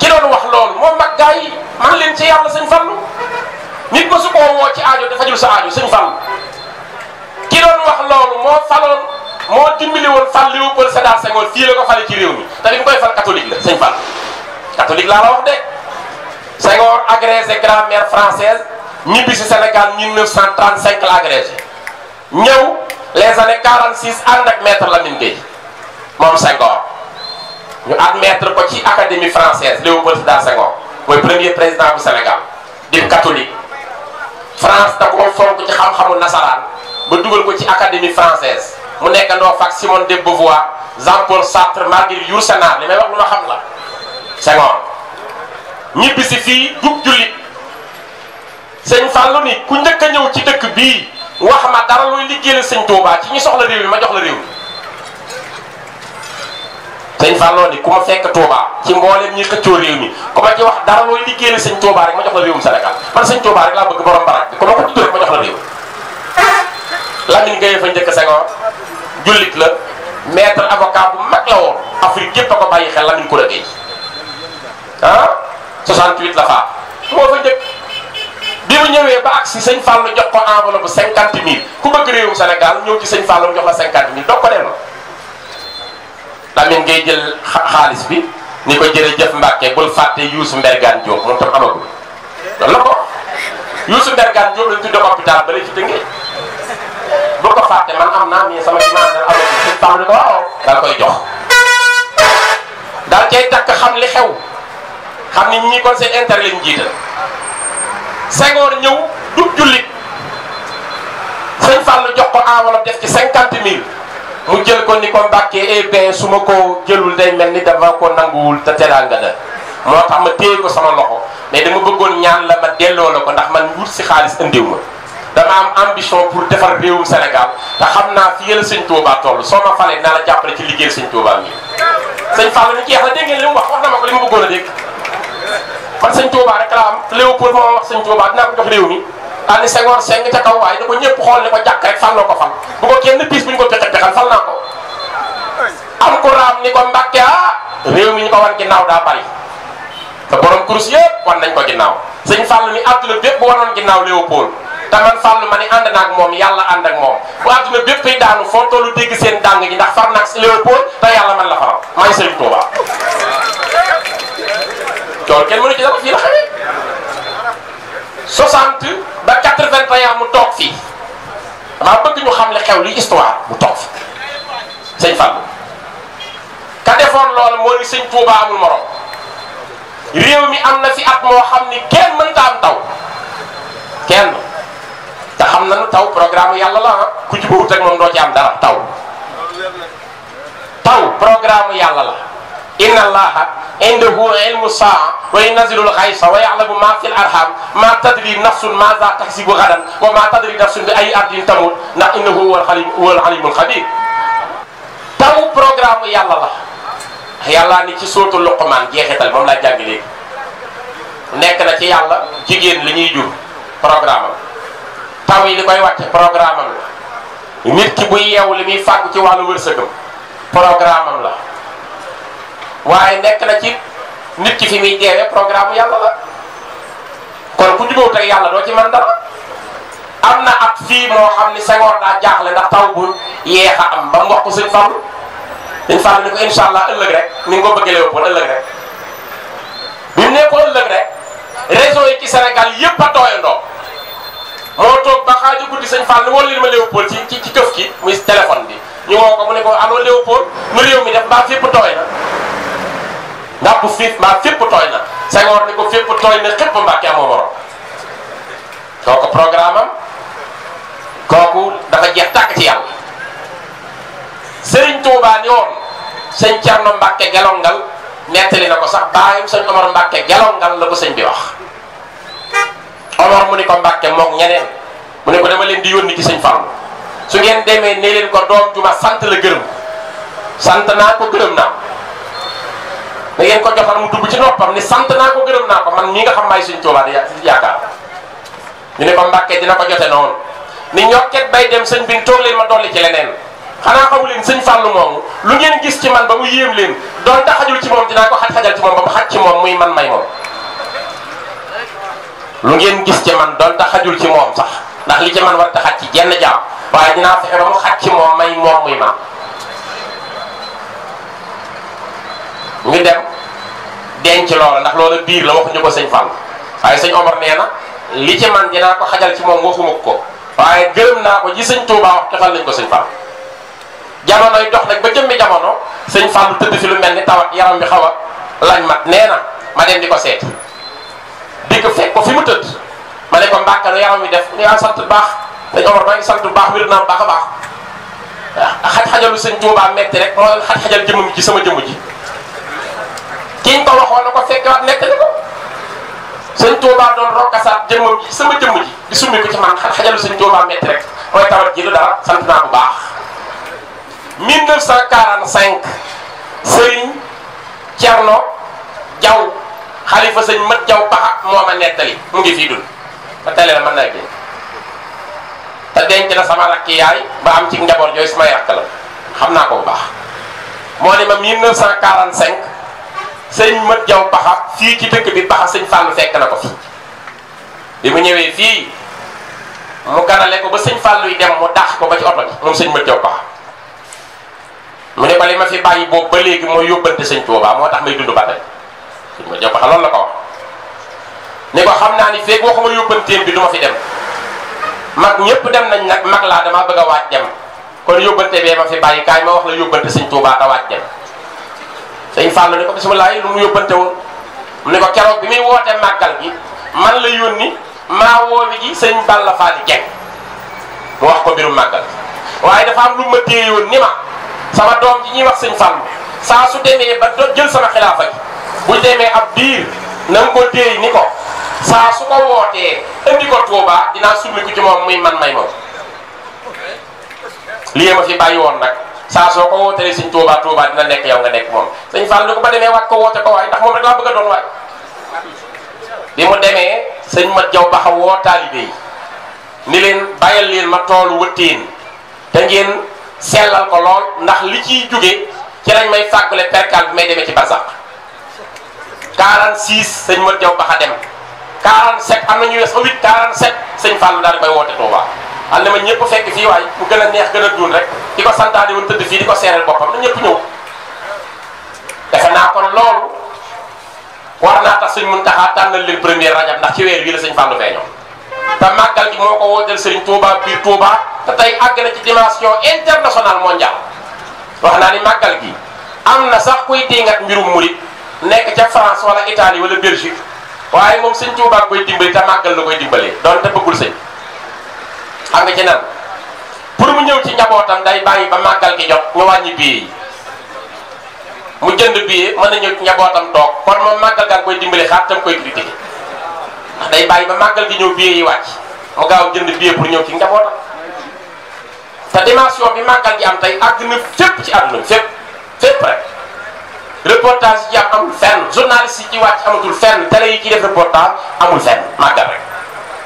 [SPEAKER 1] ki doon wax loolu moom mag gaa man leen ci yàlla sëñ Fallu nit ko su ko woo ci aajo dafa jël sa aajo sëñ Fallu ki wax loolu moo faloon moo dimbali woon fal Léopold Sédar Senghor fii la ko fale ci réew mi te li mu koy fal catholique la sëñ Fall catholique laa la wax de Senghor agrégé grammaire française ñibbi si Sénégal 1935 la agrégé ñëw les années 46 ànd ak maître Lamine Gueye moom Senghor ñu admettre ko ci académie française Léopold Sédar Senghor mooy premier président bu Sénégal di catholique France da ko fonk ci xam-xamu nasaraan ba dugal ko ci académie française mu nekkandoo fa ak Simone de Beauvoir Jean-Paul Sartre Marguerite Yourcenar li may wax lu ma xam la Senghor ñibbisi si fii jub jullit sëñ Fallou ni ku njëkk a ñëw ci dëkk bii wax ma dara looy liggéeyal sëñ Touba ci ñu soxla réew mi ma jox la réew mi sëñ Fallou ni ku ma fekk Touba ci mboolem ñi xëccoo réew mi ku ma ci wax dara looy liggéeyal sëñ Touba rek ma jox la réewum Sénégal man sëñ Touba rek laa bëgg borom barak ku ma ko tudd rek ma jox la réew. Lamine Gueye la maître avocat bu mag la woon ko bàyyi xel Lamine Koura Gueye ah, faa moo fa njëkk bi mu ñëwee ba agsi sëñ Fallou jox ko enveloppe bu 50 000 ku bëgg réewum Sénégal ñëw ci sëñ Fallou jox la 50 000 doo ko delloo. Lamine ngay jël xaalis bi ni ko jërëjëf Mbàkke bul fàtte Youssou Mbergane Diop moom tam amagul loolu la ko Youssou Mbergane Diop ba lay fi tënkee bu man am naa ni ko waaw daal koy jox. daal cay takk xam li xew xam ni ñi kon seen intérêt lañ jiital ñëw du jullit sëñ Fall jox ko enveloppe def ci cinquante mille. mu jël ko ni ko mbàkkee eh bien su ma ko jëlul day mel ni dama ko nanguwul te teraanga la moo tax ma téye ko sama loxo mais dama bëggoon ñaan la ma delloo na ko ndax man wut si xaalis andiw ma dama am ambition pour defar réewum Sénégal te xam naa fi yële sëñ Touba toll soo ma falee naa la jàppale ci liggéey sëñ Touba mi sëñ Fallou ni jeex na dégg ngeen li mu wax wax na ma ko li mu bëggoon a dégg man sëñ Touba rek laa am Léopold moo wax sëñ Touba dinaa ko jox daal di Senghor seng ca kaw waaye na ko ñëpp xool ne ko jàkk rek fal na ko fal bu ko kenn piis bu ñu ko pexe pexal fal naa ko. am ku raam ni ko Mbàkke ah réew mi ñu ko wan ginnaaw daa bari te borom kurus yëpp wan nañ ko ginnaaw sëñ Fall ni àdduna bépp wanoon ginnaaw Léopold te man Fall ma ni ànd na ak moom yàlla ànd ak moom bu àdduna bépp yi daanu foo tollu dégg seen dàng gi ndax far naag si Léopold te yàlla man la faral maa ngi sëñ Touba loolu kenn mënu ci dara 60 ba vingt 81 mu toog fii damaa bëgg ñu xam li xew li histoire bu toog fi sëñ Fallou ka defoon loolu moo ni sëñ Touba amul morom réew mi am na fi at moo xam ni kenn mënta am taw kenn te xam ñu taw programme yàlla la ku ci bëggut ak moom doo ci am dara taw taw programme yàlla la. inna allaha indahu ilmu saa wa yunazzilu lxaysa wa ya'lamu ma fi l arham ma tadri nafsun maza taksibu gadan wa ma tadri nafsun bi ay ardin tamut ndax innahu huwal alim huwal alimul xabir tamu programme yàlla la yàllaa ni ci sóotu luqmaan jeexital moom laa jàng léegi nekk na ci yàlla jigéen li ñuy jur programme am taw yi li koy wàcce programme am la nit ki buy yeewu li muy fàggu ci wàllu wërsëgam programme am la waaye nekk na ci nit ki fi muy deewee programme yàlla la kon ku jubóowu teg yàlla doo ci mën dara am na at fii moo xam ni Senghor daa jaaxle ndax taw bu yeex a am ba mu wax ko sëñ Fall sëñ Fall ni ko allah ëllëg rek ni nga ko bëggee ëllëg rek bi mu nekkoon ëllëg rek régions yi ci Sénégal yëpp a tooyandoo moo toog ba xaaju guddi sëñ Fall ni wóolu ma Léopold ci ci ci këf ki muy téléphone bi ñu woo ko mu ne ko allo Léopold mu mi def mbaa fépp tooy na. ndàpp siif mbaa fépp tooy na Senghor ni ko fépp tooy na xépp Mbàkke amoo morom kooku programme kooku dafa jeex tàkk ci yàlla Serigne Touba ni woon sëñ Thierno Mbàkke gelongal nettali na ko sax baayam sëñ Omar Mbàkke gelongal la ko sëñ bi wax Omar mu ni ko Mbàkke moog ñeneen mu ne ko dama leen di yónni ci su ngeen deme ne leen ko doom ju ma la gërëm sant naa ko gërëm naa da ngeen ko defal mu dugg ci noppam ni sant naa ko gërëm naa ko man mii nga xam maay suñ Tuubaa di yaakaar ñu ne ko Mbàkke dina ko jote noonu ni ñokket bay dem sëñ bin toog leen ma dolli ci leneen xanaa xamu leen sëñ fàllu moomu lu ngeen gis ci man ba mu yéem leen doon ta ci moom dinaa ko xaj-xajal ci moom ci moom muy man may lu ngeen gis ci man doon ta xajul ci moom sax ndax li ci man war ta xaj ci jenn jaam fexe ba mu xaj ci moom may moom muy maam ñu dem denc loola ndax loola biir la waxuñu ko sëñ Fall waaye sëñ Omar nee na li ci man dinaa ko xajal ci moom waxuma ko waaye gërëm naa ko ji sëñ Touba wax joxal ko sëñ dox nag ba jëmmi jamono sëñ Fall tëdd fi lu mel ni tawat yaram bi xaw a lañ mat nee na ma dem di ko seet di ko fekk ko fi mu tëdd ma ne ko mbàkkal yaram bi def yaa sant baax sëñ Omar maa ngi sant baax wér naa baax a baax xaj-xajalu sëñ Touba metti rek moo xaj-xajal jëmmam ji sama jëmm ji. kii ko waxoon na ko fekkewaat nettali ko sëñ Touba doon rokkasaat jëmmam ji sama jëmm ji di summi ko ci man xaj xajalu sëñ Touba métti rek mooy tawat ji du dara sant bu baax. 1945 Serigne Thierno Diaw xalifa sëñ Mat Diaw Paxa moo ma nettali mu ngi fii dul ba tele la mën naa génn te denc na sama rakk yaay ba am ci njaboot yooyu sama rakk la xam naa ko bu baax moo ne ma 1945. sëñ Mat Jaw Paxa fii ci dëkk bi Paxa sëñ Fàllu fekk na ko fi bi mu ñëwee fii mu ganale ko ba sëñ Fàllu yi dem mu dàq ko ba ci oto bi moom sëñ Mat Jaw Paxa mu ne bale ma fi bàyyi boobu ba léegi mooy yóbbante sëñ Tuubaa moo tax may dund ba tey sëñ xam naa ni feeg waxuma yóbbanteem bi du ma fi dem mag ñëpp dem nañ nag mag laa damaa bëgg a waaj dem kon yóbbante bee ma fi bàyyi kaay ma wax la yóbbante sëñ Tuubaa te waaj dem sëñ Fall ne ko bisimilah lu mu yóbbante woon mu ne ko keroog bi muy woote màggal gi man la yónni maa woowi ji sëñ Balla Fall Dieng mu wax ko mbirum màggal waaye dafa am lu ma téye yoon ni ma sama doom ji ñuy wax sëñ Fall saa su demee ba do jël sama xilaafa gi bu demee ab biir na nga ko téye ni ko saa su ko wootee indi ko Touba dinaa summi ko ci moom muy man may moom lii ma fi bàyyi woon nag. saa soo ko wootalee sëñ Touba Touba dina nekk yow nga nekk moom sëñ Fall lu ko ba demee waat ko woote ko waay ndax moom rek laa bëgg a doon waay bi mu demee sëñ Mat Jaw Baxa woo taalibe ni leen bàyyil leen ma toolu wëttéen te ngeen sellal ko lool ndax li ciy jóge ci lañ may fàggule perkal bi may demee ci barsaq 46 sëñ Mat Jaw Baxa dem 47 am na ñu wees 8 47 sëñ Fall daal di koy woote Touba am na ma ñëpp fekk fii waay mu gën a neex gën a duun rek di ko santaane woon tëdd fii di ko seereel boppam na ñëpp ñëw defe naa kon loolu war naa tax sëñ Muntaxa tànnal leen premier rajab ndax ci weer wii la sëñ Fallou feeñoo te màggal gi moo ko wooteel sëriñ Touba biir Touba te tey àgg na ci dimension internationale mondial wax naa ni màggal gi am na sax kuy ngat mbirum murit nekk ca France wala Italie wala Belgique waaye moom sëñ Touba koy dimbali te màggal la koy dimbalee xam nga ci nan pour mu ñëw ci njabootam day bàyyi ba màggal gi jot ñu wàññi billet yi mu jënd billet mën na ñëw ci njabootam toog kon moom màggal gaa koy dimbali xaar tam koy critiqué day bàyyi ba màggal gi ñëw bii yi wàcc mu gaaw jënd billet pour ñëw ci njabootam te dimension bi màggal gi am tey àgg na fépp ci àdduna fépp fépp rek reportage yi am amul fenn journaliste yi ci wàcc amatul fenn télé yi ci def reportage amul fenn màggal rek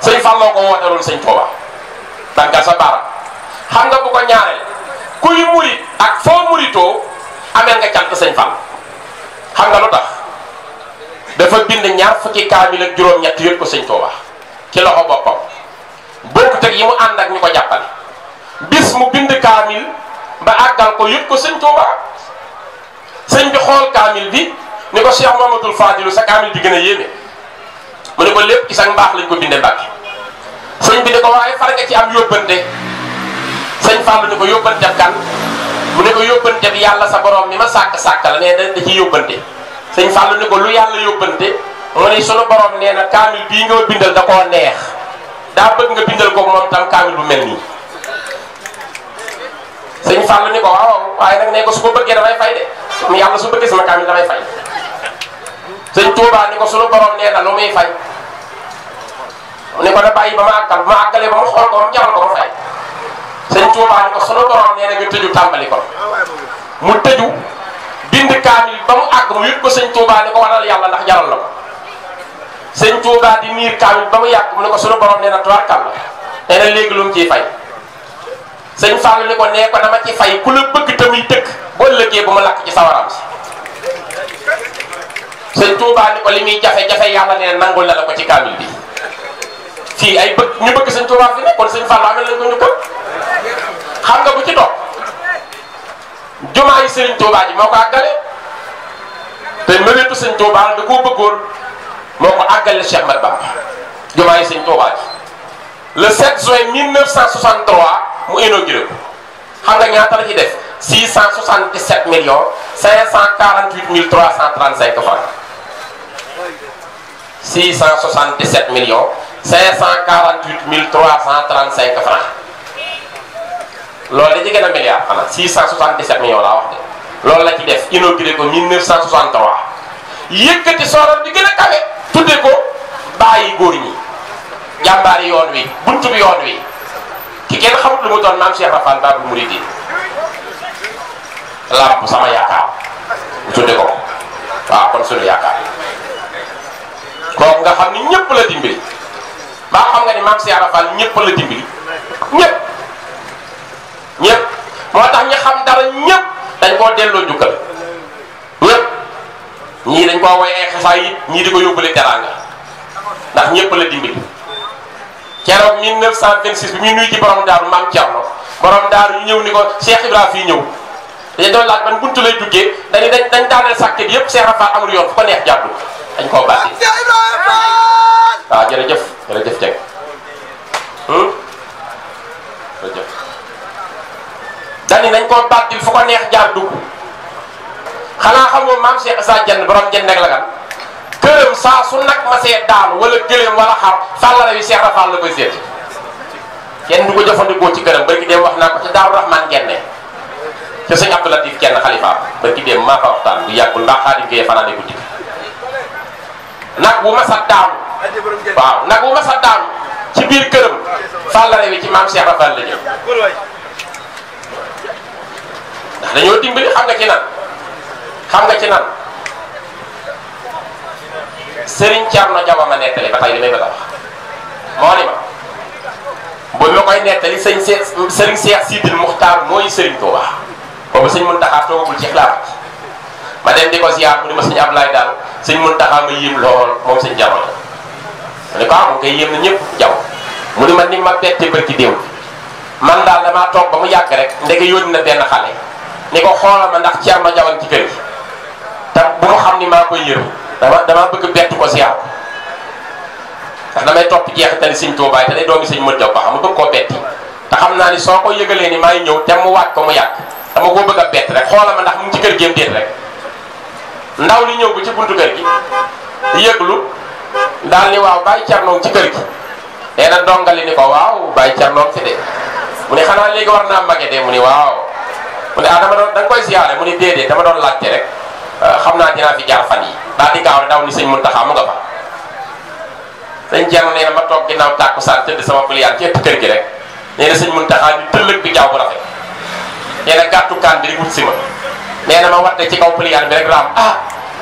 [SPEAKER 1] sëñ Fall ko woote dagga sa baara xam nga bu ko ñaareel kuy murit ak foo muritoo amee nga cant sëñ Fall xam nga lu tax dafa bind ñaar fukki kaamil ak juróom-ñett yëpp ko sëñ Touba ci loxo boppam bokkut ak yi mu ànd ak ñu ko jàppale bis mu bind kaamil ba àggal ko yëpp ko sëñ Touba sëñ bi xool kaamil bi ni ko Cheikh Mamadou Fadilou sa kaamil bi gën a yéeme mu ne ko lépp ci sa mbaax lañ ko bindee Mbàkke sëñ bi ne ko waaye far nga ci am yóbbante sëñ Fallou ne ko yóbbante kan mu ne ko yóbbante bi yàlla sa borom mi ma sàkk sàkk la nee na da ciy yóbbante sëñ Fallou ne ko lu yàlla yóbbante mu ne sunu borom na kaamil bii nga bindal da neex daa bëgg nga bindal ko moom tam kaamil bu mel nii. sëñ Fallou ne ko waaw waaye nag nee ko su ko bëggee damay fay de mu yàlla su ko sunu borom nee na lu muy fay. ne ko na bàyyi ba ma àggal ba ma àggalee ba mu xool ko mu jaxal ko mu fay sëñ Tuubaa ni ko sunu borom nee na nga tëju tàmbali ko mu tëju bind kaamil ba mu àgg mu yëg ko sëñ Tuubaa ko wanal yàlla ndax jaral la ko sëñ Tuubaa di niir kaamil ba mu ko sunu borom nee na tuwaarkal la nee na léegi lu ci ciy fay sëñ Fall ni ko nee ko dama ci fay ku la bëgg te muy dëkk boo ëllëgee bu ma lakk ci sawaram si sëñ Tuubaa ni ko li muy jafe-jafe yàlla nee na nangul na la ko ci kaamil bi fii ay bëgg ñu bëgg sëñ Tuubaa fi ne kon sëñ Fallou amee lañ ko njukkal xam nga bu ci topp jumaa yi sëriñ Tuubaa ji moo ko àggale te mëneetu sëñ Tuubaa da koo bëggoon moo ko àggale Cheikh Ahmadou Bamba jumaa yi sëñ Tuubaa ji le 7 juin 1963 mu inauguré ko xam nga ñaata la ci def 667 millions 548 mille 335 francs 667 millions. 548 mille 335 francs loolu la ci gën a milliard xanaa 677 millions laa wax de loolu la ci def inauguré ko 1963 yëkkati sooroon bi gën a kawe tudde ko bàyyi góor ñi jàmbaari yoon wi buntu yoon wi ki kenn xamut lu mu doon maam Cheikh Rafal Babou Mouridi làmp sama yaakaar bu ko waaw kon sunu yaakaar kooku nga xam ni ñëpp la dimbali. baa xam nga ni maam Cheikh Ibra Fall ñëpp la dimbali ñëpp ñëpp moo tax ñu xam dara ñëpp dañ koo delloo njukkal ñëpp ñii dañ koo woy ay xasaay yi ñii di ko yóbbule teraanga ndax ñëpp la dimbali keroog 1926 bi muy nuyu ci borom daaru maam Thierno borom daaru ñu ñëw ni ko Cheikh Ibra fii ñëw dañu doon laaj ban buntu lay duggee dañ dañ daaneel sàkket yëpp Cheikh Ibra Fall amul yoon fu ko neex jàddu dañ koo bàyyi waaw ah, jërëjëf jëf Dieng hmm? jërëjëf dani nañ koo bàttil fu ko neex jaar dugg xanaa xamoo maam Cheikh Issa Dieng borom Dieng nag la kan këram saa su nag ma see daanu wala gëleem wala xar sàllare wi Cheikh Rafal la koy seeti kenn du ko jëfandikoo ci këram barki dem wax naa ko ci Daaru Rahman Genne te sëñ Abdou Latif kenn xalifa barki dem maa fa waxtaan du yàggul ndax xaadim kee fanaane ko jig nag bu ma sa daanu waaw nag mu mas a daanu ci biir këram sàllare bi ci maam Cheikh Ibra Fall la ndax dañoo dimbali xam nga ci nan xam nga ci nan Serigne Thierno Diaba ma nettali ba tey li may bëgg a wax moo ni ma bu ma koy nettali sëñ Cheikh Serigne Cheikh Sidil Muxtaar mooy Serigne Touba boobu sëñ Muntaxa toogagul ci xalaat ma dem di ko ziar mu ni ma sëñ Ablaye daal sëñ Muntaxa ma yéem lool moom sëñ Diaba la mu ne ko ah mu koy yéem na ñëpp jaw mu ne man ni ma bette bërki man daal damaa toog ba mu yàgg rek ndege yónni na benn xale ni ko xoola ma ndax ceer ma jawan ci kër gi te bu mu xam ni maa koy yër dama dama bëgg bett ko si yàw ndax damay topp jeexitali sëñ Tuubaay te day doomi sëñ mën jaw ba xam ma bëgg koo betti te xam naa ni soo ko yëgalee ni maay ñëw te mu waaj ko mu yàgg dama koo bëgg a bett rek xoola ma ndax mu ngi ci kër géem déet rek ndaw li ñëw bu ci buntu kër gi yëglu daal ni waaw bàyyi carnoom ci kër gi nee na dongali ni ko waaw bàyyi carnoom si de mu ne xanaa léegi war naa mage de mu ni waaw mu ne ah dama doon da koy siyaare mu ni déedéet dama doon laajte rek ah, xam naa dinaa fi jaar fan yi daal di gaaw daw ni sëñ Muntaxa mu ma toog ginnaaw tàkkusaan tëdd sama piliyaan ci ëpp kër gi rek nee na sëñ Muntaxa ñu tëllëg bi jaaw bu rafet nee gàttu kaan bi rek wut si ma nee ma watte ci kaw piliyaan bi rek raam ah,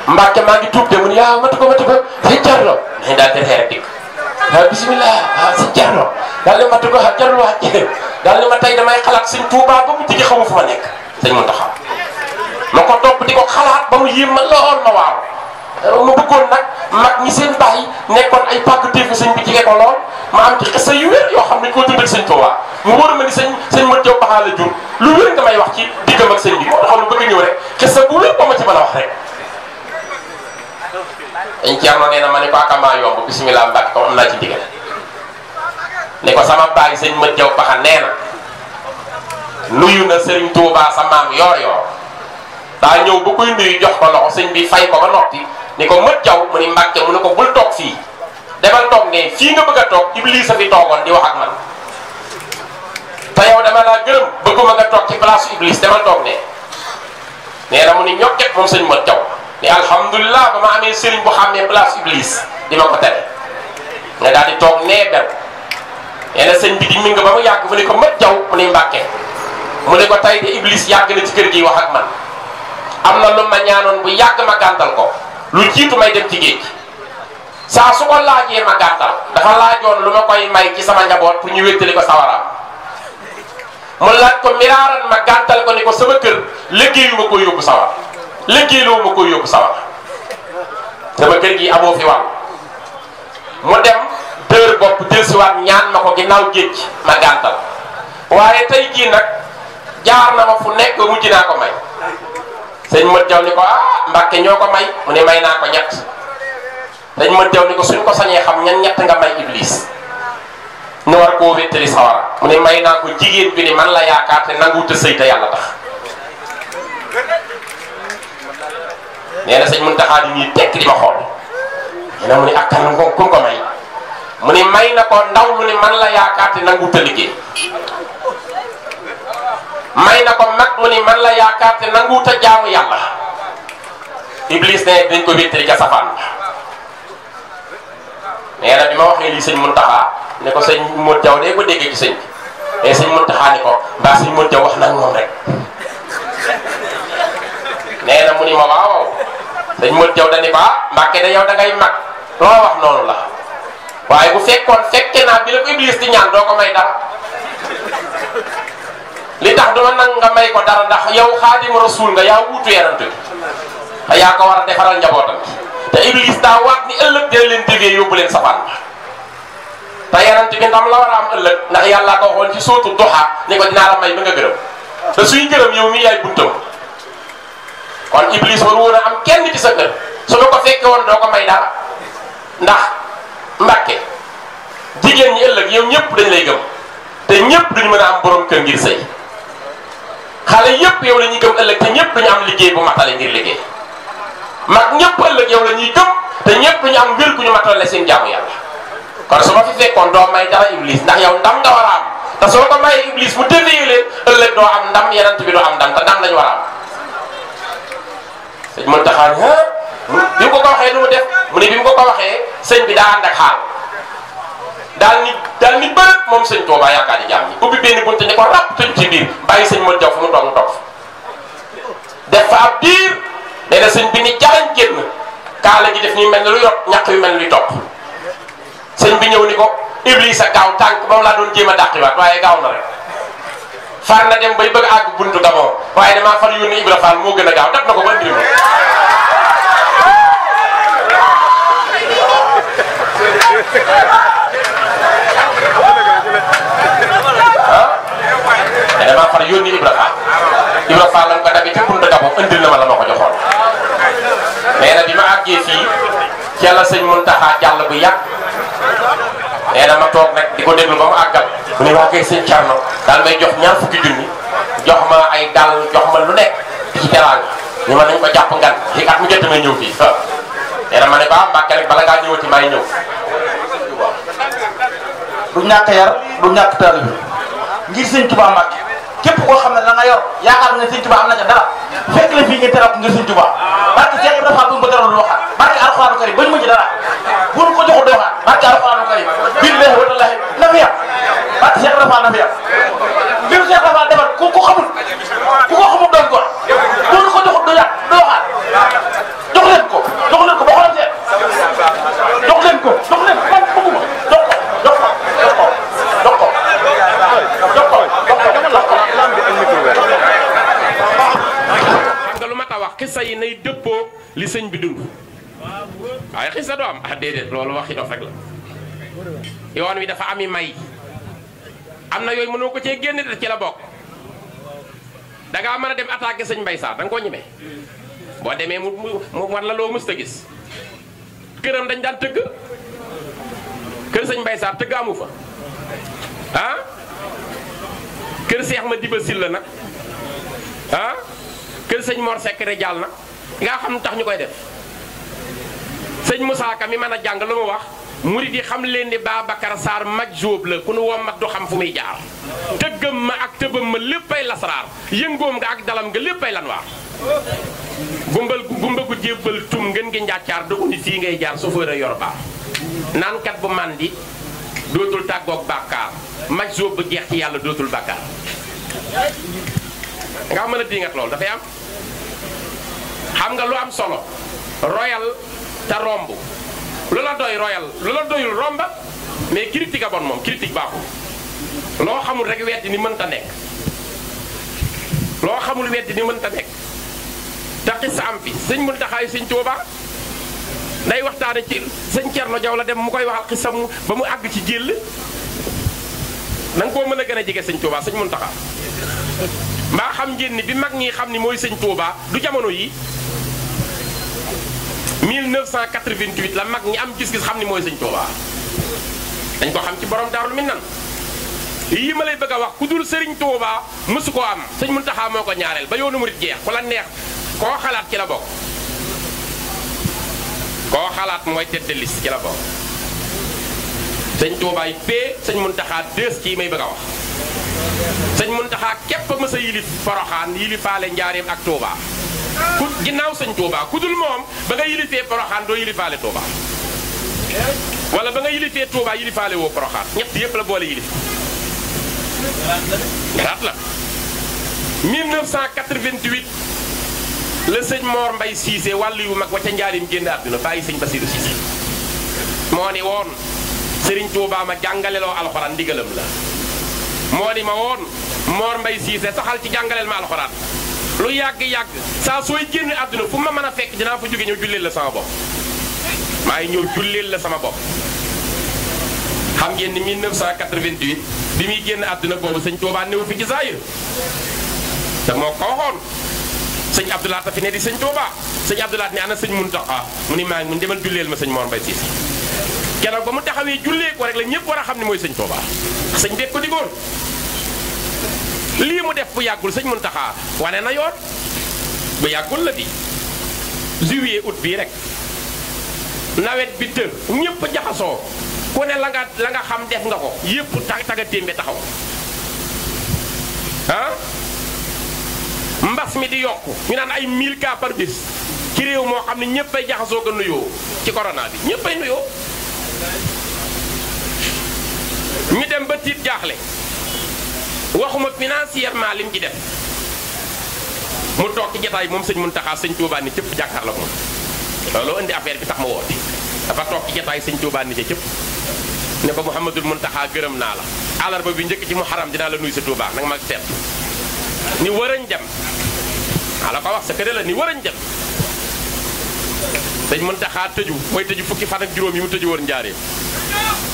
[SPEAKER 1] Mbàkke maa ngi tuub de mu ne ah matu ko matu ko si Thierno nañ daal ne rek dikk ah bisimilah di ko ah waa Thiel daal di ma tey damay xalaat suñ Tuubaa ba mu tijji xamu fu ma nekk dañ mën taxaw ma ko topp di ko xalaat ba mu yéem ma lool ma waaw. Euh, ma bëggoon nag mag ñi seen bàyyi nekkoon ay pàcc teefu sëñ bi jege ko lool ma am ci xese yu wér yoo xam ne koo dundal sëñ Tuubaa mu wóor ma ni sëñ sëñ Mat Jaw lu wér nga may wax ci diggam ak sëñ bi moo taxoon lu bëgg ba ma ci dañ Ceerno nee na ma ne ko akamaa yomb bisimilah Mbàkke ko am naa ci ndigal ne ko sama baay sëñ Mat Jaw Paxa nee na nuyu na Sëriñ Tuubaa sa maam yoor yoor daa ñëw bu koy nuyu jox ko loxo sëñ bi fay ko ba noppi ni ko Mat Jaw mu ni Mbàkke mu ne ko bul toog fii demal toog ne fii nga bëgg a toog Iblis a fi toogoon di wax ak man te yow dama gërëm bëgguma nga toog ci place Iblis demal toog ne nee na mu ni ñokket moom sëñ Mat Jaw ni alhamdulilah ba ma amee sëriñ bu xam ne place Iblis di ma ko tere nga daal di toog nee dem nee na sëñ bi di mi nga ba mu yàgg mu ne ko mët jaw mu ne mbàkkee mu ne ko tey de Iblis yàgg na ci kër gi wax ak man am na lu ma ñaanoon bu yàgg ma gàntal ko lu jiitu may dem ci géej gi saa su ko laajee ma gàntal dafa laajoon lu ma koy may ci sama njaboot pour ñu wéttali ko sawaraam mu laaj ko miraaran ma gàntal ko ni ko sama kër liggéeyu ma ko yóbbu sa liggéeyloo ma koy yóbbu sawar sama kër gi amoo fi wàll mu dem dër bopp jël si waat ñaan ma ko ginnaaw géej ma gàntal waaye tey jii nag jaar na ma fu nekk mujj naa ko may sëñ Modou Diaw ni ko ah Mbàkke ñoo ko may mu ne may naa ko ñett sëñ Modou jaw ni ko suñ ko sañee xam ñett nga may Iblis ñu war koo wéttali sawara mu ne may naa ko jigéen bi ni man la yaakaar te nanguwut a sëy yàlla tax nee na sëñ Muntaxa di ñuy tekk di ma xool nee na ni ak kanam ko ku ko may mu ni may na ko ndaw mu ni man la yaakaar te nangu ta liggéey may na ko mag man la yaakaar te nangu ta jaamu yàlla Iblis ne dañ ko wéttali ca safaan nee na bi ma waxee lii sëñ Muntaxa ne ko sëñ Modou Diaw de ko déggee ci sëñ bi mais sëñ Muntaxa ne ko mbaa sëñ Modou Diaw wax na ak rek nee na mu ni ma waaw dañ mën jaw dani ba mbàkke da yow da ngay mag loo wax noonu la waaye bu fekkoon fekke naa bi la ko iblis di ñaan doo ko may dara li tax duma nag nga may ko dara ndax yow xaadim rasul nga yaa wuutu yenante te yaa ko war a defaral njabootam te iblis daa waat ni ëllëg bi la war a am ëllëg ndax yàllaa ko waxoon ci sootu doxa ni ko dinaa la may ba nga gërëm te suy gërëm yow mi yaay buntam kon Iblis waru woon a am kenn ci sa kër ko fekke woon doo ko may dara ndax mbàkke jigéen ñi ëllëg yow ñëpp dañ lay gëm te ñëpp duñ mën a am borom kër ngir sëy xale yow la ñuy gëm ëllëg ñëpp duñu am liggéey bu matale ngir liggéey mag ñëpp ëllëg yow la ñuy gëm te ñëpp duñu am ngir ku ñu matale seen jaamu yàlla kon su ma fi fekkoon doo may dara Iblis ndax yow ndam nga war a am te soo ko mayee Iblis mu tëddee leen ëllëg doo am ndam yenant bi doo am ndam te ndam lañu war a sëñ Muntaxa bi mu ko ko waxee nu mu def mu ne bi mu ko ko waxee sëñ bi daa ànd ak xaal daal ni daal ni bërëb moom sëñ Tuubaa yaakaar ni jaam ko ràpp tëj ci biir bàyyi sëñ Mor Jaw fu mu toog mu toog def fa biir nee na sëñ bi ni jarañ génn kaala gi def ni mel na lu yot ñàq yu mel ni luy topp sëñ bi ñëw ni ko Iblis a gaaw tànk ba mu laa doon jéem a dàqiwaat waaye gaaw na rek. far na bay bëgg àgg buntu d'abord waaye damaa far yónni Ibra Fall moo gën a gaaw dab na ko ba indi ma ah damaa far yónni Ibra Fall Ibra Fall lan ko dabi buntu d'abord indil na ma la ma joxoon nee na ma àggee fii ci la Muntaxa jàll bu nee na ma toog rek di ko déglu ba mu àggal mu ne waa kay sëñ Thierno daal may jox ñaar fukki junni jox ma ay dàll jox ma lu nekk di ci ñu ma nañ ko jàpp ngan li at mu jot ñëw fii ah nee ma ne ba Mbàkke rek bala ngaa ñëwati maay ñëw. du ñàkk yar du ñàkk taal bi ngir sëñ Tuubaa Mbàkke képp koo xam ne la nga yor yaakaar nga ne sëñ am na ca dara fekk la fii nga terap ngir sëñ Tuubaa barke Cheikh Ibrahima bu mu bëgg a doon waxaat barke Alxuraan Karim bañ ma ci dara barke alxuraan karim billahi wallahi na fi yàq barke Cheikh Rafa na fi yàq li mu Cheikh Rafa defar ku ko xamul ku ko xamul doon ko doon ko jox do yàq do waxaat jox leen ko
[SPEAKER 2] jox leen ko ba xolam seet jox leen ko jox leen ko man bëgguma jox ko jox ko jox ko jox ko
[SPEAKER 1] jox ko jox ko xam nga lu ma ta wax kissa yi nay dëppoo li sëñ bi dund waaye xisa du am ah déedéet loolu waxi dof rek la yoon wi dafa ami may am na yooyu mënoo ko cee génn te ci la bokk da ngaa mën a dem attaqué sëñ Mbay Saar da nga koo ñemee boo demee mu mu war la loo mës a gis këram dañ daan tëgg kër sëñ Mbay Saar tëgg amu fa ah kër seex ma diba sil la nag ah kër sëñ Mor Seck rek jàll na nga xam tax ñu koy def sëñ Moussa Ka mi mën a jàng lu mu wax murid yi xam leen ni Babacar Sarr mag jóob la ku nu woo mat du xam fu muy jaar tëggam ma ak tëbam ma léppay lasaraar yëngoom nga ak dalam nga léppay lan waar gumbal gumba gu jébbal tum ngeen ngi njàccaar du uni sii ngay jaar sofóor a yor baa naankat bu màndi dootul tàggoog bàkkaar mag jóob bu jeex ci yàlla dootul bàkkaar nga mën a diingat loolu dafay am xam nga lu am solo royal te romb lu la doy royal lu la doyul romba mais critique a bon moom critique baaxul loo xamul rek weddi ni mënta nekk loo xamul weddi ni mënta nekk te xissa am fi sëñ Muntaxaay sëñ Tuuba day waxtaane ci sëñ Cerno Jaw la dem mu koy waxal xissam ba mu àgg ci jël na koo mën a gën a jege sëñ Tuuba sëñ Muntaxa mbaa xam ngeen ni bi mag ñi xam ni mooy sëñ Tuuba du jamono yii 1988 la mag ñi am gis-gis xam ni mooy sëñ Touba dañ ko xam ci borom daarul Minnan yii ma lay bëgg a wax ku dul sëriñ Touba mësu koo am sëñ Muntaxa moo ko ñaareel ba yoonu murit jeex ku la neex koo xalaat ci la bokk koo xalaat mooy tête de liste ci la bokk sëñ Touba yi pee sëñ Muntaxa dees kii may bëgg a wax sëñ Muntaxa képp a mës a yilif Poroxaan Njaareem ak Touba. ku ginnaaw sëñ Touba ku dul moom ba nga yilifee Poroxaan doo yilifaale Touba wala ba nga yilifee Touba yilifaale woo Poroxaan ñett yëpp la boole yilif garaat la 1988 la sëñ Mor Mbay Cissé wàllu yu mag wa ca njaarim génn àdduna bàyyi sëñ Basiru Cissé moo ni woon sëriñ Touba ma jàngaleloo alxuraan ndigalam la moo ni ma woon Mor Mbay Cissé saxal ci jàngaleel ma alxuraan lu yàgg-yàgg saa sooy génn àdduna fu ma mën a fekk dinaa fa jóge ñëw julleel la sama bopp maa ngi ñëw julleel la sama bopp xam ngeen ni 1988 bi muy génn àdduna boobu sëñ Touba néew fi ci saayir te moo ko waxoon sëñ Abdoulaat a fi ne di sëñ Touba sëñ Abdoulaat ne ana sëñ Muntaxa mu ni maa ngi mun demal julleel ma sëñ Mor Mbaye Cissé keroog ba mu taxawee jullee ko rek la ñëpp war a xam ne mooy sëñ Touba sëñ dégg ko di lii mu def bu yàggul sëñ Muntaxa wane na yoon bu yàggul la di juillet août bii rek nawet bi të ñëpp jaxasoo ku ne la nga la nga xam def nga ko yëpp taga témbe taxaw ah mbas mi di yokk ñu naan ay 1000 cas par ci réew moo xam ne ñëpp ay jaxasoo ga nuyoo ci corona bi ñëpp ay nuyoo ñu dem ba tiit jaaxle waxuma financièrement lim ci def mu toog ci jataay moom sëñ Muntaxa sëñ Tuubaa ni cëpp jàkkaar la moom looloo indi affaire bi tax ma woote dafa toog ci jataay sëñ Tuubaa ni ca cëpp ne ko Muhammadul Muntaxa gërëm naa la alarba bi njëkk ci muharram dinaa la nuyu sa Tuubaa nag ma seet ni warañ dem ala ko wax sa këre la ni warañ dem sëñ Muntaxa tëju mooy tëju fukki fan ak juróom yi mu tëju woon njaaree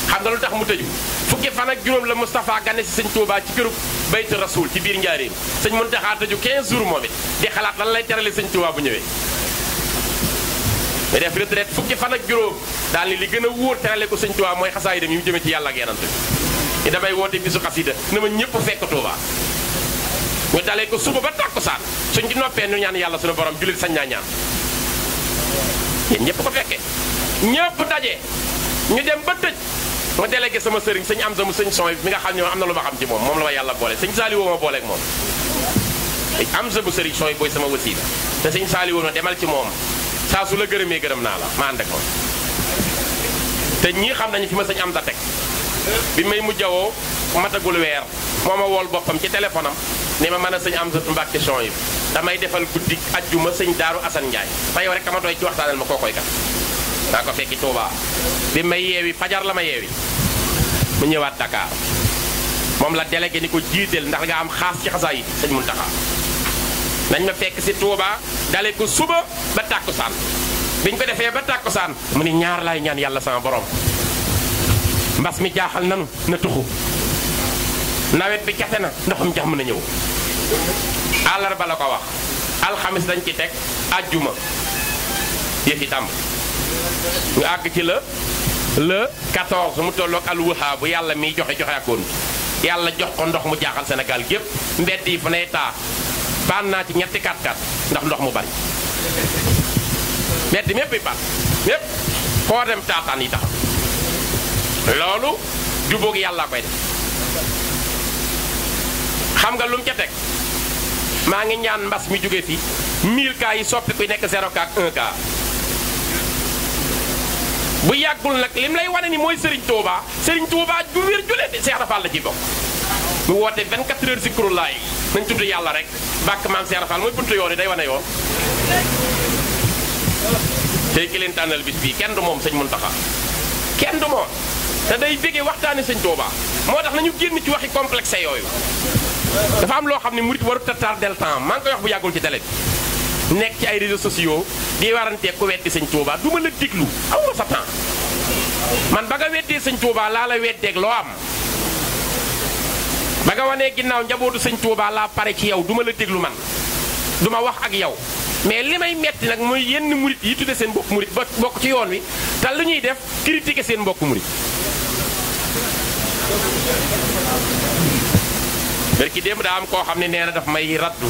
[SPEAKER 1] xam nga lu tax mu tëju fukki fan ak juróom la Moustapha gane si sëñ Touba ci këru bayt rasul ci biir njaareem sëñ Muntaxa tëju 15 jours moom it di xalaat lan lay terale sëñ Touba bu ñëwee mu def retraite fukki fan ak juróom daal ni li gën a wóor terale ko sëñ Touba mooy xasaay dem yi mu jëmee ci yàlla ak yenante ni damay woote bisu xasida na ma ñëpp fekk Touba ñu dalee ko suba ba tàkkusaan suñ di noppee nu ñaan yàlla suñu borom jullit sañ naa ñaan ñu dem ba tëj ma délégué sama sëriñ sëñ am sama sëñ son mi nga xam ne am na lu ma xam ci moom moom la ma yàlla boole sëñ Saliou woo ma booleeg moom am sa bu sëriñ booy sama wasiila te sëñ Saliou na demal ci moom saa su la gërëmee gërëm naa la ma ànd ak moom te ñii xam nañu fi ma sëñ am da teg bi may mujjawoo matagul weer moo ma wool boppam ci téléphone am ne ma mën a sëñ am sa Mbàkke son yi damay defal guddi ajjuma sëñ Daaru Asan Njaay te yow rek ama doy ci waxtaanal ma koo koy kat daa ko fekki Touba bi may yeewi fajar la ma yeewi mu ñëwaat Dakar moom la délégué ni ko jiiteel ndax nga am xaas ci xasaa yi sëñ Muntaxa nañ ma fekk si Touba dale ko suba ba tàkkusaan biñ ko defee ba tàkkusaan mu ni ñaar laay ñaan yàlla sama borom mbas mi jaaxal nanu na tuxu nawet bi jafe na ndoxum jax mën a ñëw àllarba la ko wax alxamis dañ ci teg àjjuma yëf yi tàmb ñu àgg ci la le 14 mu tolloog alwahaa bu yàlla miy joxe joxe akoon yàlla jox ko ndox mu jaaxal Sénégal gépp mbedd yi fa nay taa baan naa ci ñetti kat kat ndax ndox mu bari mbedd mépp yi mépp koo dem taataan yi taxaw loolu jubóog yàllaa koy def xam nga lum mu maa ngi ñaan mbas mi jóge fi 1000 cas yi soppi ku nekk 0 cas 1 cas bu yàggul nag li lim lay wane ni mooy Serigne Touba Serigne Touba ju wér ju di Cheikh la ci bokk mu woote 24 heures si kuréel laay nañ tudd yàlla rek bàkk maam Cheikh Rafal mooy buntu yoon yi day wane yoon. tey ki leen tànnal bis bii kenn du moom sëñ mun Mountakha kenn du moom te day bégee waxtaane sëñ Touba moo tax nañu génn ci waxi complexe yooyu dafa am loo xam ne murit warut a tardel temps maa ngi koy wax bu yàggul ci télé bi nekk ci ay réseaux sociaux di warantee ku weddi sëñ Tuubaa du ma la diglu aw ma sa temps man ba nga weddee sëñ Tuubaa laa la weddeeg loo am ba nga wanee ginnaaw njabootu sëñ Tuubaa laa pare ci yow duma la déglu man du ma wax ak yow mais li may metti nag mooy yenn murit yi tudde seen mbokk murit ba bokk ci yoon wi te lu ñuy def critiquer seen mbokk murit bërki démb daa am koo xam ne nee na dafa may raddu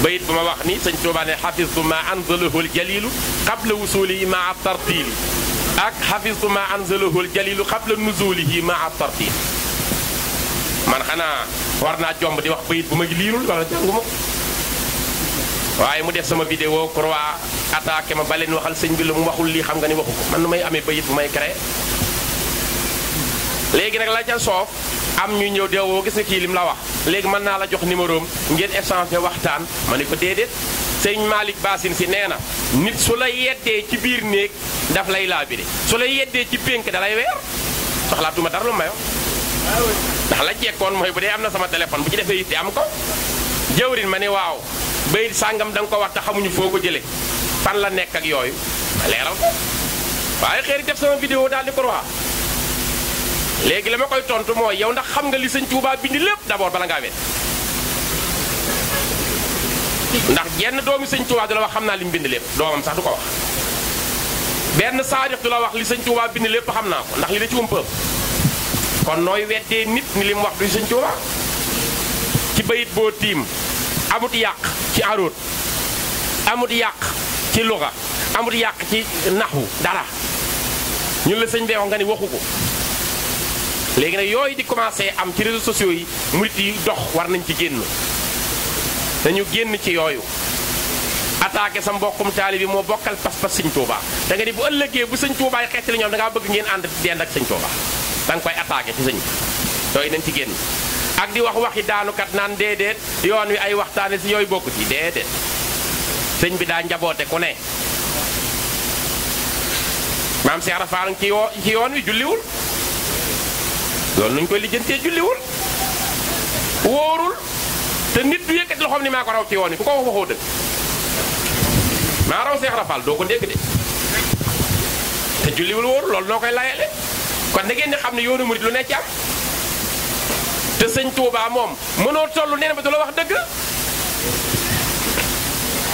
[SPEAKER 1] bayit ba ma wax ni sëñ Tuubaa ne xafistu ma anzalahul jalilu qabla wusulihi maa tartili ak xafistu ma anzalahul jalilu qabla nuzulihi maa tartili man xanaa war naa jomb di wax bayit bu ma liirul wala jàngu ma waaye mu def sama vidéo croix attaqué ma ba leen mu waxul lii xam nga ni waxu man nu may amee bayit bu may créé léegi nag la ca soof am ñu ñëw deewoo gis nga kii lim la wax léegi mën naa la jox numéro ngeen échangé waxtaan ma ne ko déedéet sëñ Malick Bassine si nee na nit su la yeddee ci biir néeg daf lay laabire su la yeddee ci pénk da lay weer soxlaatuma dara lu mayo ndax la jekkoon mooy bu dee am na sama téléphone bu ci defee yitte am ko jëwrin ma ne waaw bayit sàngam da ko wax te xamuñu foo ko jële fan la nekk ak yooyu ma leeral ko waaye xëy def sama vidéo daal di léegi la ma koy tontu mooy yow ndax xam nga li sëñ Touba bind lépp d'abord bala ngaa wet ndax jenn doomi sëñ Touba du la wax xam naa li mu bind lépp doomam sax du ko wax benn saadix du la wax li sëñ Touba bind lépp xam naa ko ndax li da ci umpam kon nooy weddee nit ni li mu wax du sëñ Touba ci bayit boo tiim amut yàq ci aróot amut yàq ci luga amut yàq ci naxwu dara ñun la sëñ bee nga ni waxu ko léegi nag yooyu di commencé am ci réseaux sociaux yi murit yi dox war nañ ci génn dañu génn ci yooyu attaqué sa mbokkum taalibe bi moo bokkal pas-pas sëñ Tuubaa da nga ni bu ëllëgee bu sëñ Tuubaa yi xeeti la ñoom bëgg ngeen ànd dend ak sëñ Tuubaa da nga koy attaqué ci sëñ yooyu nañ ci génn ak di wax wax yi daanukat naan déedéet yoon wi ay waxtaane si yooyu bokku ci dee sëñ bi daa njaboote ku ne maam Cheikh Rafaal ci yoon wi julliwul loolu nuñ koy lijjantee julliwul wóorul te nit du yëkkati loxoom ni maa ko raw ci yoon yi ku ko wax waxoo dëgg maa raw Seex Rafal doo ko dégg de te julliwul wóorul lool noo koy layale kon da ngeen di xam ne yoonu murit lu ne ci am te sëñ Touba moom mënoo toll nee na ba du la wax dëgg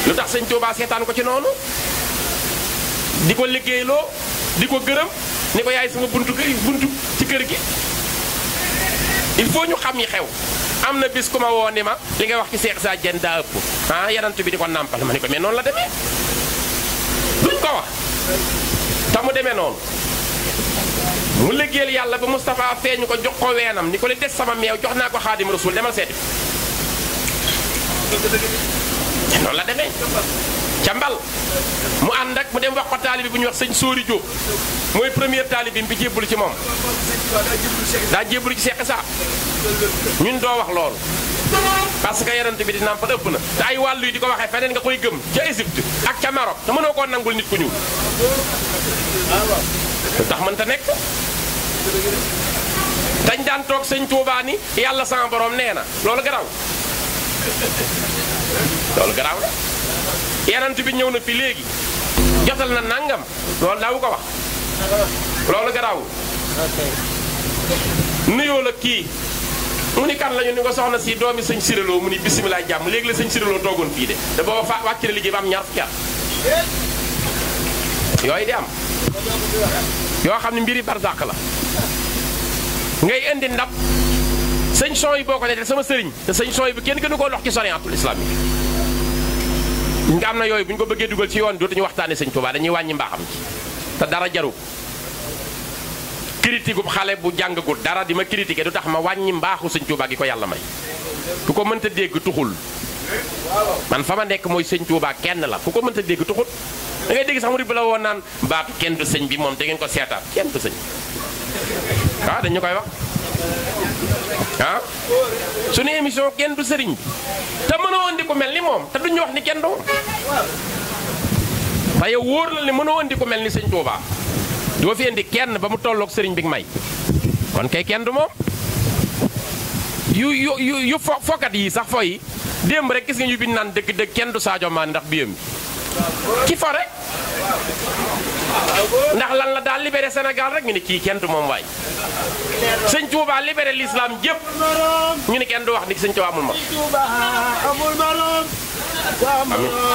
[SPEAKER 1] lu tax sëñ Touba seetaan ko ci noonu di ko liggéeyloo di ko gërëm ni ko yaay sama buntu buntu ci kër gi il faut ñu xam yi xew am na bis ku ma woo ma li nga wax ci Cheikh Sa Diène daa ëpp ah yarantu bi di ko nàmpal ma ni ko mais noonu la demee luñ ko wax te mu demee noonu mu liggéeyal yàlla ba Moustapha feeñu ko jox ko weenam ni ko li des sama meew jox naa ko xaadim rasul demal seeti noonu la deme ca mbal mu ànd ak mu dem wax ko taalibi bu ñuy wax sëñ Sóori Diop mooy premier taalibi bi jébbalu ci moom daa jébbalu ci Seex Isaa ñun doo wax loolu parce que yarante bi di nàmpal ëpp na te ay wàllu yi di ko waxee feneen nga koy gëm ca Égypte ak ca Maroc te mënoo koo nangul nit ku ñuul tax mënta nekk dañ daan toog sëñ Tuubaa ni yàlla sama boroom nee na loolu garaaw loolu garaaw la yonent bi ñëw na fi léegi jotal na nangam loolu daawu ko wax loolu garaawul nuyoo la kii mu ni kan lañu ni ko soxna si doomi sëñ Siréloo mu ni bisimilah jàmm léegi la sañ Siréloo toogoon fii de te booba fa wàcc na liggéey ba am ñaar fukki at yooyu di am yoo xam ne mbiri barzàq la ngay indi ndab sëñ son yi boo ko ne te sama sëriñ te sëñ son yi bu kenn gënu koo lox ci soriantul islam yi nga am na yooyu bu ñu ko bëggee dugal ci yoon dootuñu waxtaane sëñ Tuubaa dañuy wàññi mbaaxam ci te dara jaru critique bu xale bu jàngagul dara di ma critiqué du tax ma wàññi mbaaxu sëñ Tuubaa gi ko yàlla may ku ko mënta dégg tuxul man fa ma nekk mooy sëñ Tuubaa kenn la ku ko mënta dégg tuxul da ngay dégg sax mu rib la woon naan baatu kenn du sëñ bi moom da ngeen ko seetaat kenn du sëñ ah dañu koy wax ah suñu émission kenn du sëriñ bi te mënoo woon di ko mel ni moom te duñu wax ni kenn du moom wóor la ne mënoo woon di mel ni sëñ Touba doo fi kenn ba mu tollook sëriñ bi may kon kay kenn du moom yu yu yu yu yi sax fo yi démb rek gis nga ñu naan dëgg-dëgg kenn du Sadio Mané ndax biyam bi ki fo rek ndax lan la daal libéré senegal rek ñu ne kii kenn du moom waay sëñ Touba libéré l'islam jëpp ñu kenn du wax ni sëñ Touba amul ma amiin waaw.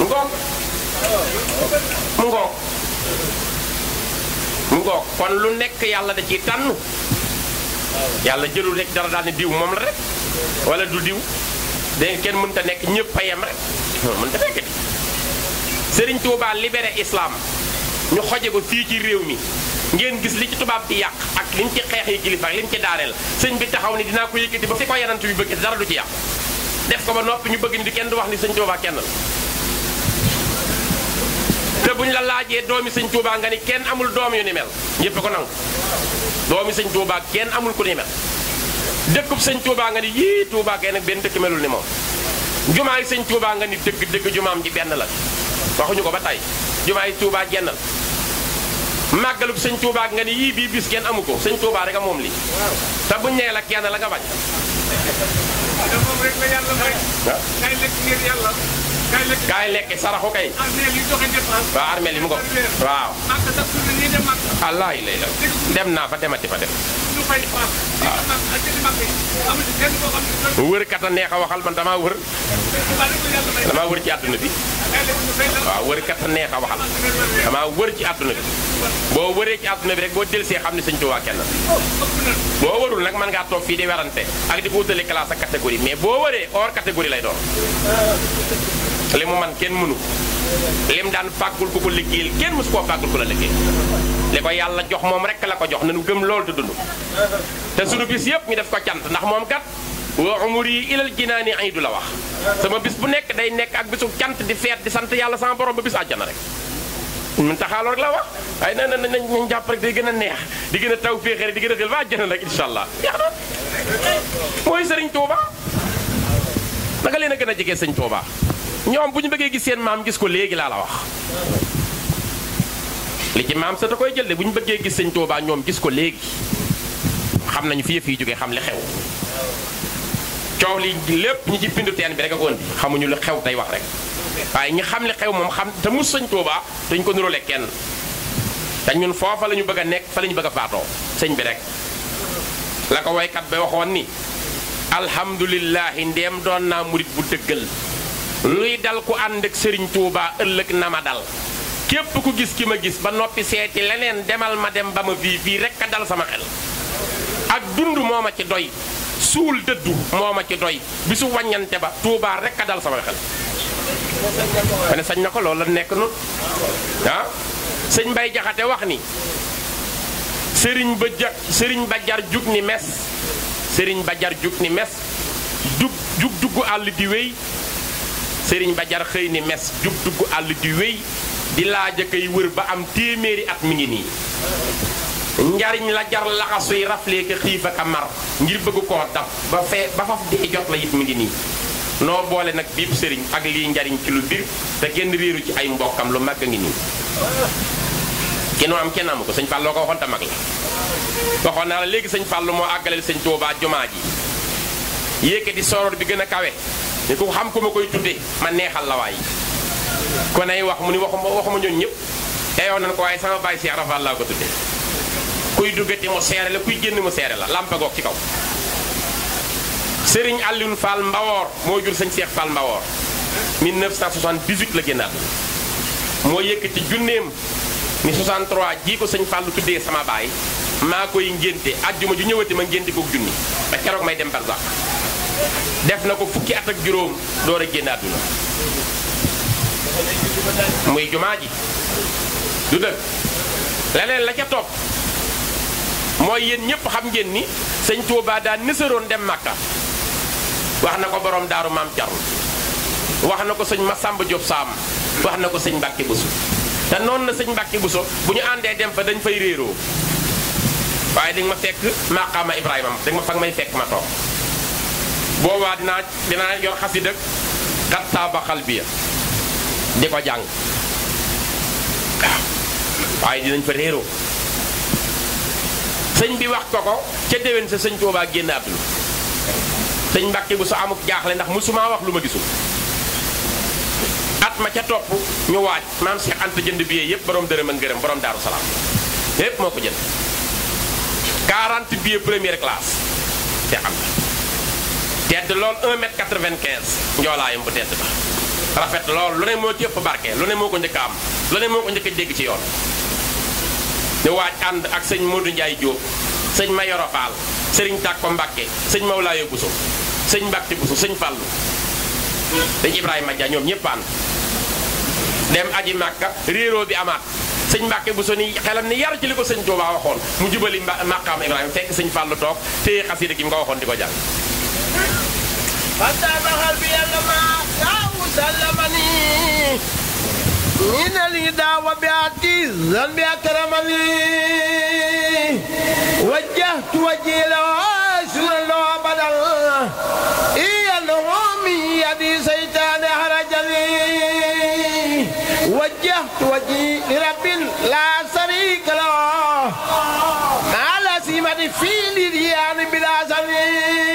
[SPEAKER 1] ngoog. mu ngoog mu ngoog kon lu nekk yàlla da ci tànn yàlla jëlul rek dara daal ne diw moom la rek wala du diw dégg kenn mënta nekk ñëpp a yem rek mënta nekk di sëriñ Touba libéré islaam ñu xoje ko fii ci réew mi ngeen gis li ci tubaab di yàq ak liñ ci xeex yi kilifa ak liñ ci daaneel sëñ bi taxaw ni dinaa ko yëkkati ba fi ko yanant bi bëgg dara du ci yàq def ko ba nopp ñu bëgg ni di kenn du wax ni sëñ Touba kenn la te buñ la laajee doomi sëñ Touba nga ni kenn amul doom yu ni mel ñëpp ko nangu doomi sëñ Touba kenn amul ku ni mel dëkkub sëñ Touba nga ni yii Touba kenn nag benn dëkk melul ni moom jumaay sëñ Touba nga ni dëgg dëgg jumaam ji benn la waxuñu ko ba tey jumaay Touba jenn la màggalub sëñ Touba nga ni yii bii bis kenn amu ko sëñ Touba a moom lii te buñ nee la kenn la nga bañ. moom rek la yàlla may. ngay lekk ngir yàlla. kaay lekke saraxu kay waaw armeel yi mu ko waaw allah lay la dem naa fa demati fa dem waaw wër kat a neex a waxal man damaa wër wër ci àdduna bi waaw wër kat a neex a waxal damaa wër ci àdduna bi boo wëree ci àdduna bi rek boo delsee xam ne sëñ Tuubaa kenn boo wërul nag man ngaa toog fii di werante ak di ko wutale classe ak mais boo wëree hors catégorie lay doon li mu man kenn mënu lim daan fàggul ku ko liggéeyal kenn mësu koo fàggul ku la liggéey li ko yàlla jox moom rek la ko jox nanu gëm loolu te dund te sunu bis yëpp ñu def ko cant ndax moom kat wa umuri ilal jinaani ay du la wax sama bis bu nekk day nekk ak bisu cant di feet di sant yàlla sama borom ba bis àjjana rek mun taxaaloo rek la wax ay na na nañ jàpp rek day gën a neex di gën a taw féexere di gën a xel ba àjjana rek incha allah yaa na mooy sëriñ Touba naka leen gën a jege sëñ Touba ñoom bu ñu bëggee gis seen maam gis ko léegi laa la wax li ci maam sa da koy jël de bu ñu bëggee gis sëñ Tuubaa ñoom gis ko léegi xam nañu fi fii jógee xam li xew coow li lépp ñu ci bindu teen bi rek a ko xamuñu lu xew tey wax rek waaye ñi xam li xew moom xam te mu sëñ Tuubaa dañ ko niroole kenn te ñun foofa la ñu bëgg a nekk fa lañu bëgg a faatoo sëñ bi rek la ko woykat ba waxoon ni alhamdulilahi ndeem doon naa murit bu dëggal luy dal ku ànd ak sëriñ Touba ëllëg na ma dal képp ku gis ki ma gis ba noppi seeti leneen demal ma dem ba ma fii fii rekk a dal sama xel ak dund mooma ci doy suul dëddu moo ci doy bisu waññante ba Touba rekk a dal sama xel ma ne sañ na ko loolu la nekk noonu ah sëñ Mbay Jaxate wax ni sëriñ ba sëriñ ba jar jug ni mes sëriñ ba jar jug ni mes jug jug dugg àll di wéy sëriñ ba jar xëy ni mes jub dugg àll di wéy di laaj koy wër ba am téeméeri at mi ngi nii njariñ la jar laxasuy rafleeka xiif ak a mar ngir bëgg koo dab ba fee ba faf dee jot la it ngi nii noo boole nag biib sëriñ ak lii njariñ ci lu biir te genn réeru ci ay mbokkam lu mag a ngi nii kenn am kenn amu ko sëñ ko waxoon mag la waxoon naa la léegi sëñ Fallu moo àggaleel sëñ Tuubaa jumaa ji yékkati soroor bi gën a kawe te ku xam ku ma koy tudde ma neexal la waay kon ay wax mu ni waxuma waxuma ñoom ñëpp yow nañ ko waaye sama baay Cheikh Ibra laa ko tudde kuy duggati mu seere la kuy génn mu seere la làmpa goog ci kaw Serigne Alioune Fall Mbawoor moo jur sëñ Cheikh Fall Mbawoor 1978 la génnaat moo yëkkati junneem ni 63 jii ko sëñ lu tuddee sama baay maa koy ngénte ajjuma ju ñëwati ma ngénte koog junni ba keroog may dem Barzak def na ko fukki at ak juróom door a génn àdduna muy jumaa ji du dëkk leneen la ca topp mooy yéen ñëpp xam ngeen ni sëñ Touba daa nësaroon dem Màkka wax na ko boroom daaru maam Carlu wax na ko sëñ Massamba Diop Saam wax na ko sëñ Mbàkke Bousso te noonu na sëñ Mbàkke so bu ñu àndee dem fa dañ fay réeroo waaye di ma fekk maqaama Ibrahima da nga may fekk ma toog boobaa dinaa dinaa yor xasida xat saaba xalbiya di ko jàng waaye dinañ fa réeroo sëñ bi wax ko ko ca déwén sa sëñ Tuubaa génn àdduna sëñ Mbàkke bu sa amuk jaaxle ndax musuma wax lu ma gisul at ma ca topp ñu waaj maam Cheikh Anta jënd billet yëpp borom dërëm ak ngërëm borom daaru salaam moo ko jënd 40 billets première classe Cheikh Anta tedd lool 1 mètre 95 njoolaayam bu tedd ba rafet lool lu ne moo ci ëpp barke lu ne moo ko njëkk am lu ne moo ko njëkk a dégg ci yoon ñu waaj ànd ak sëñ Modou Ndiaye Diop sëñ Mayoro Fall sëriñ Tàkko Mbàkke sëñ Mawlaaye Bousso sëñ Mbàkke Bousso sëñ Fàllu sëñ Ibrahima Dia ñoom ñëpp ànd dem aji màkka réeroo bi amaat sëñ Mbàkke Bousso ni xelam ni yar ci li ko sëñ Tuubaa waxoon mu jubali maqaam Ibrahima fekk sëñ Fàllu toog téye xasida gi mu ko waxoon di ko jàng
[SPEAKER 2] fataba xalbi yàlla ma daawu sallamani min al hidawa bi ati zanbi akramani wajjahtu wajhi lahu asran lahu abadan iyanhu min yadi seytaani harajani wajjahtu wajhi li rabbin la sharika lahu ala simati fi lidiyani bila sharika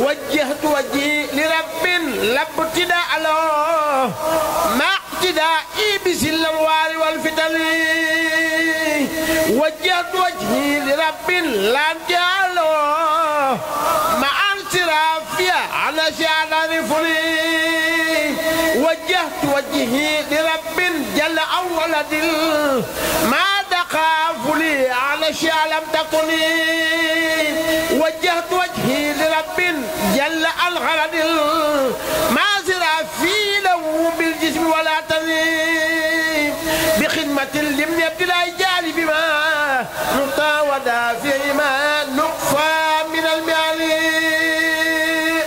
[SPEAKER 2] وجهت وجهي لرب لا ابتداء له ما اقتدائي بسلوار والفتن وجهت وجهي لرب لا انتهاء له مع انصرافي على شعر فلي وجهت وجهي لرب جل اول دل ما تخافني على شيء لم تكني وجهت وجهي لرب جل الغرض المازر في لو بالجسم ولا تني بخدمة لم يبتلى جالي بما نطا ودافع ما نقفى من المعالي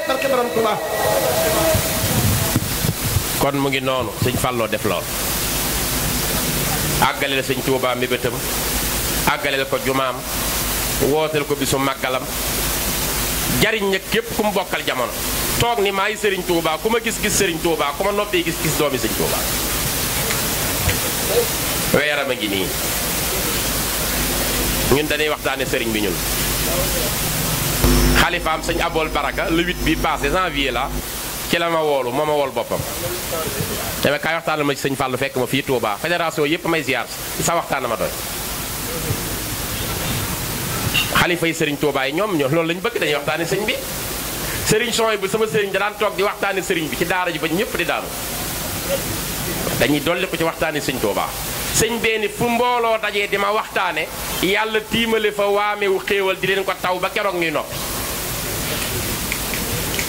[SPEAKER 2] بركة
[SPEAKER 1] رحمة الله kon mu ngi noonu sëñ Fallou def lool àggaleel sëñ Tuubaa mébétam àggaleel ko jumaam wooteel ko bisu màggalam jariñ na képp ku mu bokkal jamono toog ni maay sëriñ Tuubaa ku ma gis-gis sëriñ Tuubaa ku ma noppee gis-gis doomi sañ Tuubaa weeram a ngi nii ñun dañuy waxtaane sëriñ bi ñun xalifaam sëñ abool baraka le 8 bi passé janvier la ci la ma woolu moo ma wool boppam dama kaay waxtaan ma ci sëñ Fallou fekk ma fii Touba fédération yëpp may ziar sa waxtaan ma doy xalifa yi sëriñ Touba yi ñoom ñoo loolu lañu bëgg dañuy waxtaane sëñ bi sëriñ sooy bu sama sëriñ da daan toog di waxtaane sëriñ bi ci daara ji ba ñëpp di daanu dañuy dolli ko ci waxtaane sëñ Touba sëñ bee ni fu mbooloo dajee di ma waxtaane yàlla tiimale fa waamewu xéewal di leen ko taw ba keroog ñuy noppi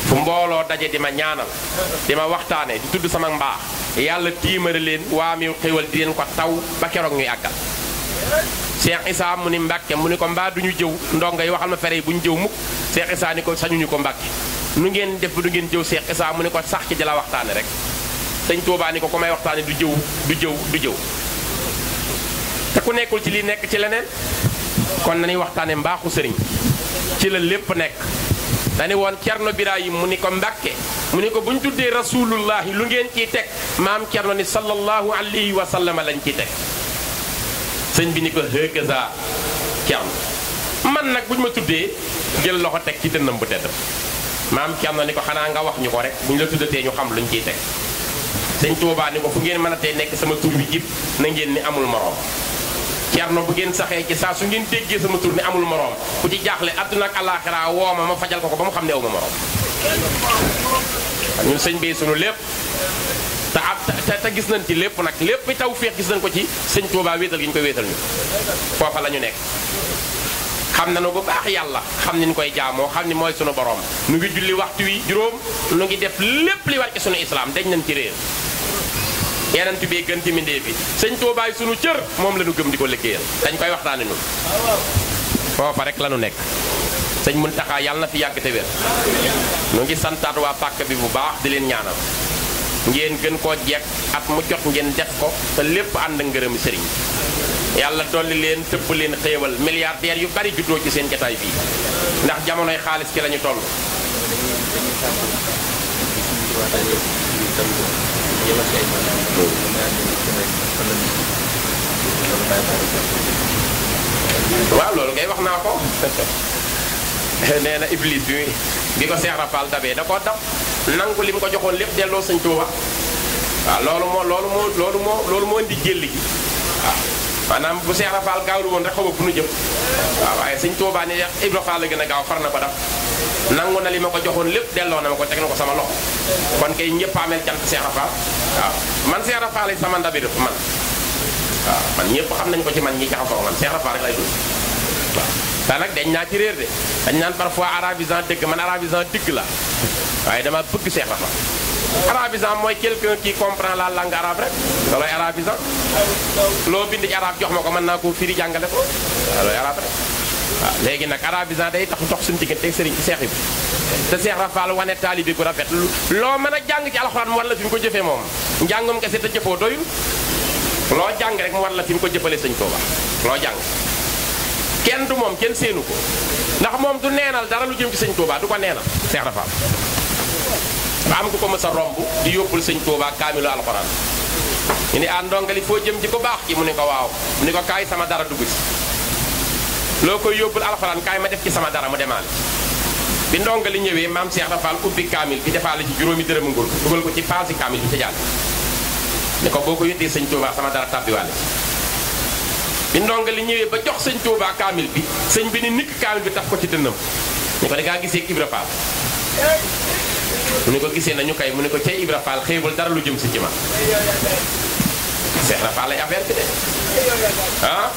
[SPEAKER 1] fu mbooloo daje di ma ñaanal di ma waxtaane di tudd sama mbaax yàlla tiimare leen waa mi xéwal di leen ko taw ba keroog ñuy àggal Cheikh Issa mu ni Mbàkke mu ni ko mbaa ñu jëw ndongo yi waxal ma fere yi bu ñu jëw mukk Cheikh Issa ni ko sañuñu ko Mbàkke nu ngeen def du ngeen jëw Cheikh Issa mu ni sax ci di waxtaane rek sëñ Tuubaa ni ko ku may waxtaane du jëw du jëw du jëw te ku nekkul ci li nekk ci leneen kon nañuy waxtaane mbaaxu sëriñ ci la lépp nekk dani woon Cerno Birahim mu ni ko Mbàkke mu ni ko bu ñu tuddee rasulullahi lu ngeen ciy teg maam Cerno ni sallallahu alayhi wa sallam lañ ciy teg sëñ bi ni ko hëkësa Cerno man nag bu ñu ma tuddee jël loxo teg ci dënnam bu tedd maam Cerno ni ko xanaa nga wax ñu ko rek bu ñu la tuddatee ñu xam luñ ciy teg sëñ Tuubaa ni ko fu ngeen mën a tey nekk sama tur jib na ngeen ni amul moroom Cerno bu ngeen saxee ci saa su ngeen déggee sama tur ne amul moroom ku ci jaaxle àdduna ak àllaaxira woo ma fajal ko ko ba mu xam ne aw ma moroom sëñ bi sunu lépp te ab te gis nañ ci lépp nag lépp taw féex gis nañ ko ci sëñ Touba wéetal ko wéetal la ñu nekk xam nañu bu baax yàlla xam ni koy jaamoo xam ni mooy sunu borom nu ngi julli waxtu wi juróom nu ngi def lépp li war ci sunu islaam dañ nañ ci réer yenent bi gën ci mindee fi sëñ Tuubaay sunu cër moom la ñu gëm di ko liggéeyal dañ koy waxtaane ñun foofa rek la ñu nekk sëñ Muntaxa yàlla na fi yàgg te wér nu ngi santaat waa pàkk bi bu baax di leen ñaanal ngeen gën koo jekk at mu jot ngeen def ko te lépp ànd ngërëmu sëriñ yàlla dolli leen tëpp leen xéewal milliardaires yu bari juddoo ci seen jataay bii ndax jamonoy xaalis ci lañu ñu waaw loolu ngay wax naa ko nee na Iblis bi bi ko Seex Rafal dabee da koo dab nangu li ko joxoon lépp delloo Sëñ Tuuba waaw loolu moo loolu moo loolu moo loolu moo indi jëlli gi waaw maanaam bu Cheikh Rafal gaawul woon rek xaw ma fu nu jëm waaw waaye suñ Tuubaa ne Ibra Faal la gën a gaaw far na ba daf nangu na li ma ko joxoon lépp delloo na ma ko teg na ko sama loxo kon kay ñëpp a ameel seex Cheikh Rafal waaw man Cheikh Rafal sama ndabir man waaw man ñëpp xam nañ ko ci man ñi jaxasoo man Cheikh Rafal rek lay dund waaw nag dañ naa ci réer dañ naan parfois arabisant dëgg man arabisant dëgg la waaye dama bëgg Cheikh Rafal arabisant mooy quelqu'un qui comprend la langue arabe rek loo bind ci jox ma ko mën naa koo firi jàngale ko loolooy arabe rek waaw léegi nag arabisant day tax dox suñu diggante seex yi te seex rafaal wane bu rafet loo mën a jàng ci alxuraan mu war la fi mu ko jëfee moom njàngum kese te jëfoo doyul loo jàng rek mu war la fi mu ko jëfalee sëñ Tuuba loo jàng kenn du moom kenn séenu ko ndax moom du neenal dara lu jëm ci sëñ Tuuba du ko neenal seex rafaal ba am ku ko mës a romb di yóbbul sëñ Tuubaa kaamilu alxuraan ñu ne ah ndongali foo jëm ji ko baax ki mu ne ko waaw mu ne ko kaay sama dara dugg ci loo koy yóbbul alxuraan kaay ma def ci sama dara mu demaale bi ndongali ñëwee maam Cheikh Rafal ubbi kaamil bi defaale ci juróomi dërëmu ngul dugal ko ci paasi kaamil bi ca jàll ne ko boo ko yóttee sëñ Tuubaa sama dara tàbbiwaale bi ndongali ñëwee ba jox sëñ Tuubaa kaamil bi sëñ bi ni nikk kaamil bi taf ko ci dënnam mu ne ko gisee nañu kay mu ne ko cay Ibra Fall xéewal dara lu jëm si ci ma Cheikh Rafa lay bi de ah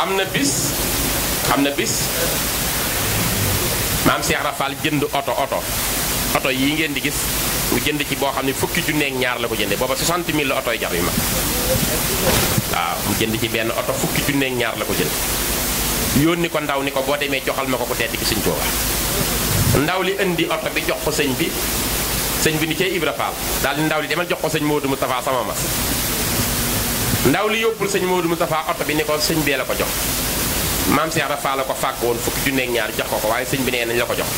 [SPEAKER 1] am na bis am na bis maam Cheikh Rafa jënd oto oto oto yi ngeen di gis mu jënd ci boo xam ne fukki junneeg ñaar la ko jëndee booba 60 000 la oto yi jar yu mag waaw mu jënd ci benn oto fukki junneeg ñaar la ko jënd yónni ko ndaw ni ko boo demee joxal ma ko ko tedd ci Sëñ Tuubaa ndaw li indi oto bi jox ko sëñ bi sëñ bi ni cee Ibra Faal daal ndaw li demal jox ko sëñ Moodu Mustafaa sama ma ndaw li yóbbul sëñ Moodu Mustafaa oto bi ni ko sëñ bee la ko jox maam Cheikh Rafa la ko fàkk woon fukki junneeg ñaar jox ko ko waaye sëñ bi nee nañ la ko jox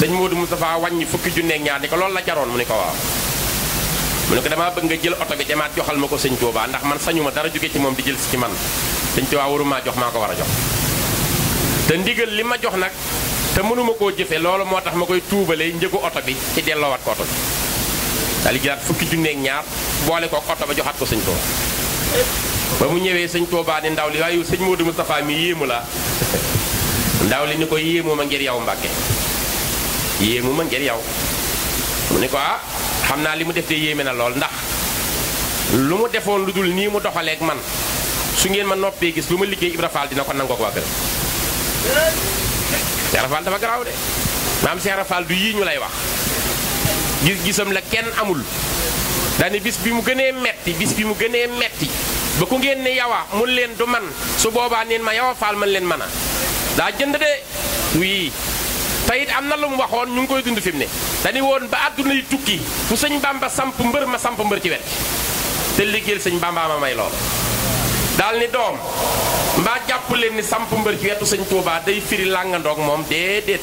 [SPEAKER 1] sëñ Moodu Mustafaa wàññi fukki junneeg ñaar ni ko loolu la jaroon mu ne ko waaw mu ne ko damaa bëgg nga jël oto bi demaat joxal ma ko sëñ Tuubaa ndax man sañu ma dara jóge ci di jël si ci man sëñ Tuubaa waru maa jox maa ko war a jox te mënuma koo jëfe loolu moo tax ma koy tuubalee njëgu oto bi ci delloowaat ko oto bi daal fukki junneeg ñaar boole kook oto ba joxaat ko sëñ Tuuba ba mu ñëwee sëñ Tuuba ni ndaw li waaye sëñ Modou Moustapha mi yéemu la ndaw li ni koy yéemu ma ngir yow Mbàkke yéemu ma ngir yow mu ni ko ah xam naa li mu defee de yéeme na lool ndax lu mu defoon lu dul nii mu doxaleeg man su ngeen ma noppee gis lu ma liggéey Ibra rafal dina ko nangoo ko
[SPEAKER 2] waa
[SPEAKER 1] Cheikh Rafal dafa garaaw de maam Cheikh Rafal du yii ñu lay wax gis-gisam la kenn amul daani bis bi mu gënee metti bis bi mu gënee metti ba ku ngeen ne yawa mun leen du man su boobaa neen ma yawa faal man leen man a daa jënd de wii teyit am na lu mu waxoon ñu ngi koy dund fim ne dañu woon ba àdduna yi tukki fu sëñ Bamba samp mbër ma samp mbër ci wet te liggéey sëñ Bamba may lool daal ni doom mbaa jàpp leen ni samp mbër ci wetu sëñ Touba day firi làngandoog moom déedéet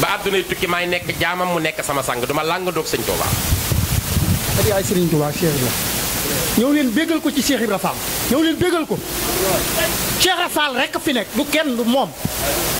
[SPEAKER 1] ba àddunay tukki maay nekk jaamam mu nekk sama sang duma làngandoog sëñ Touba. ati ay sëriñ Touba Cheikh Ibra ñëw leen béggal ko ci Cheikh Ibra Fall ñëw leen béggal ko Cheikh Ibra
[SPEAKER 2] rekk fi nekk du kenn du moom.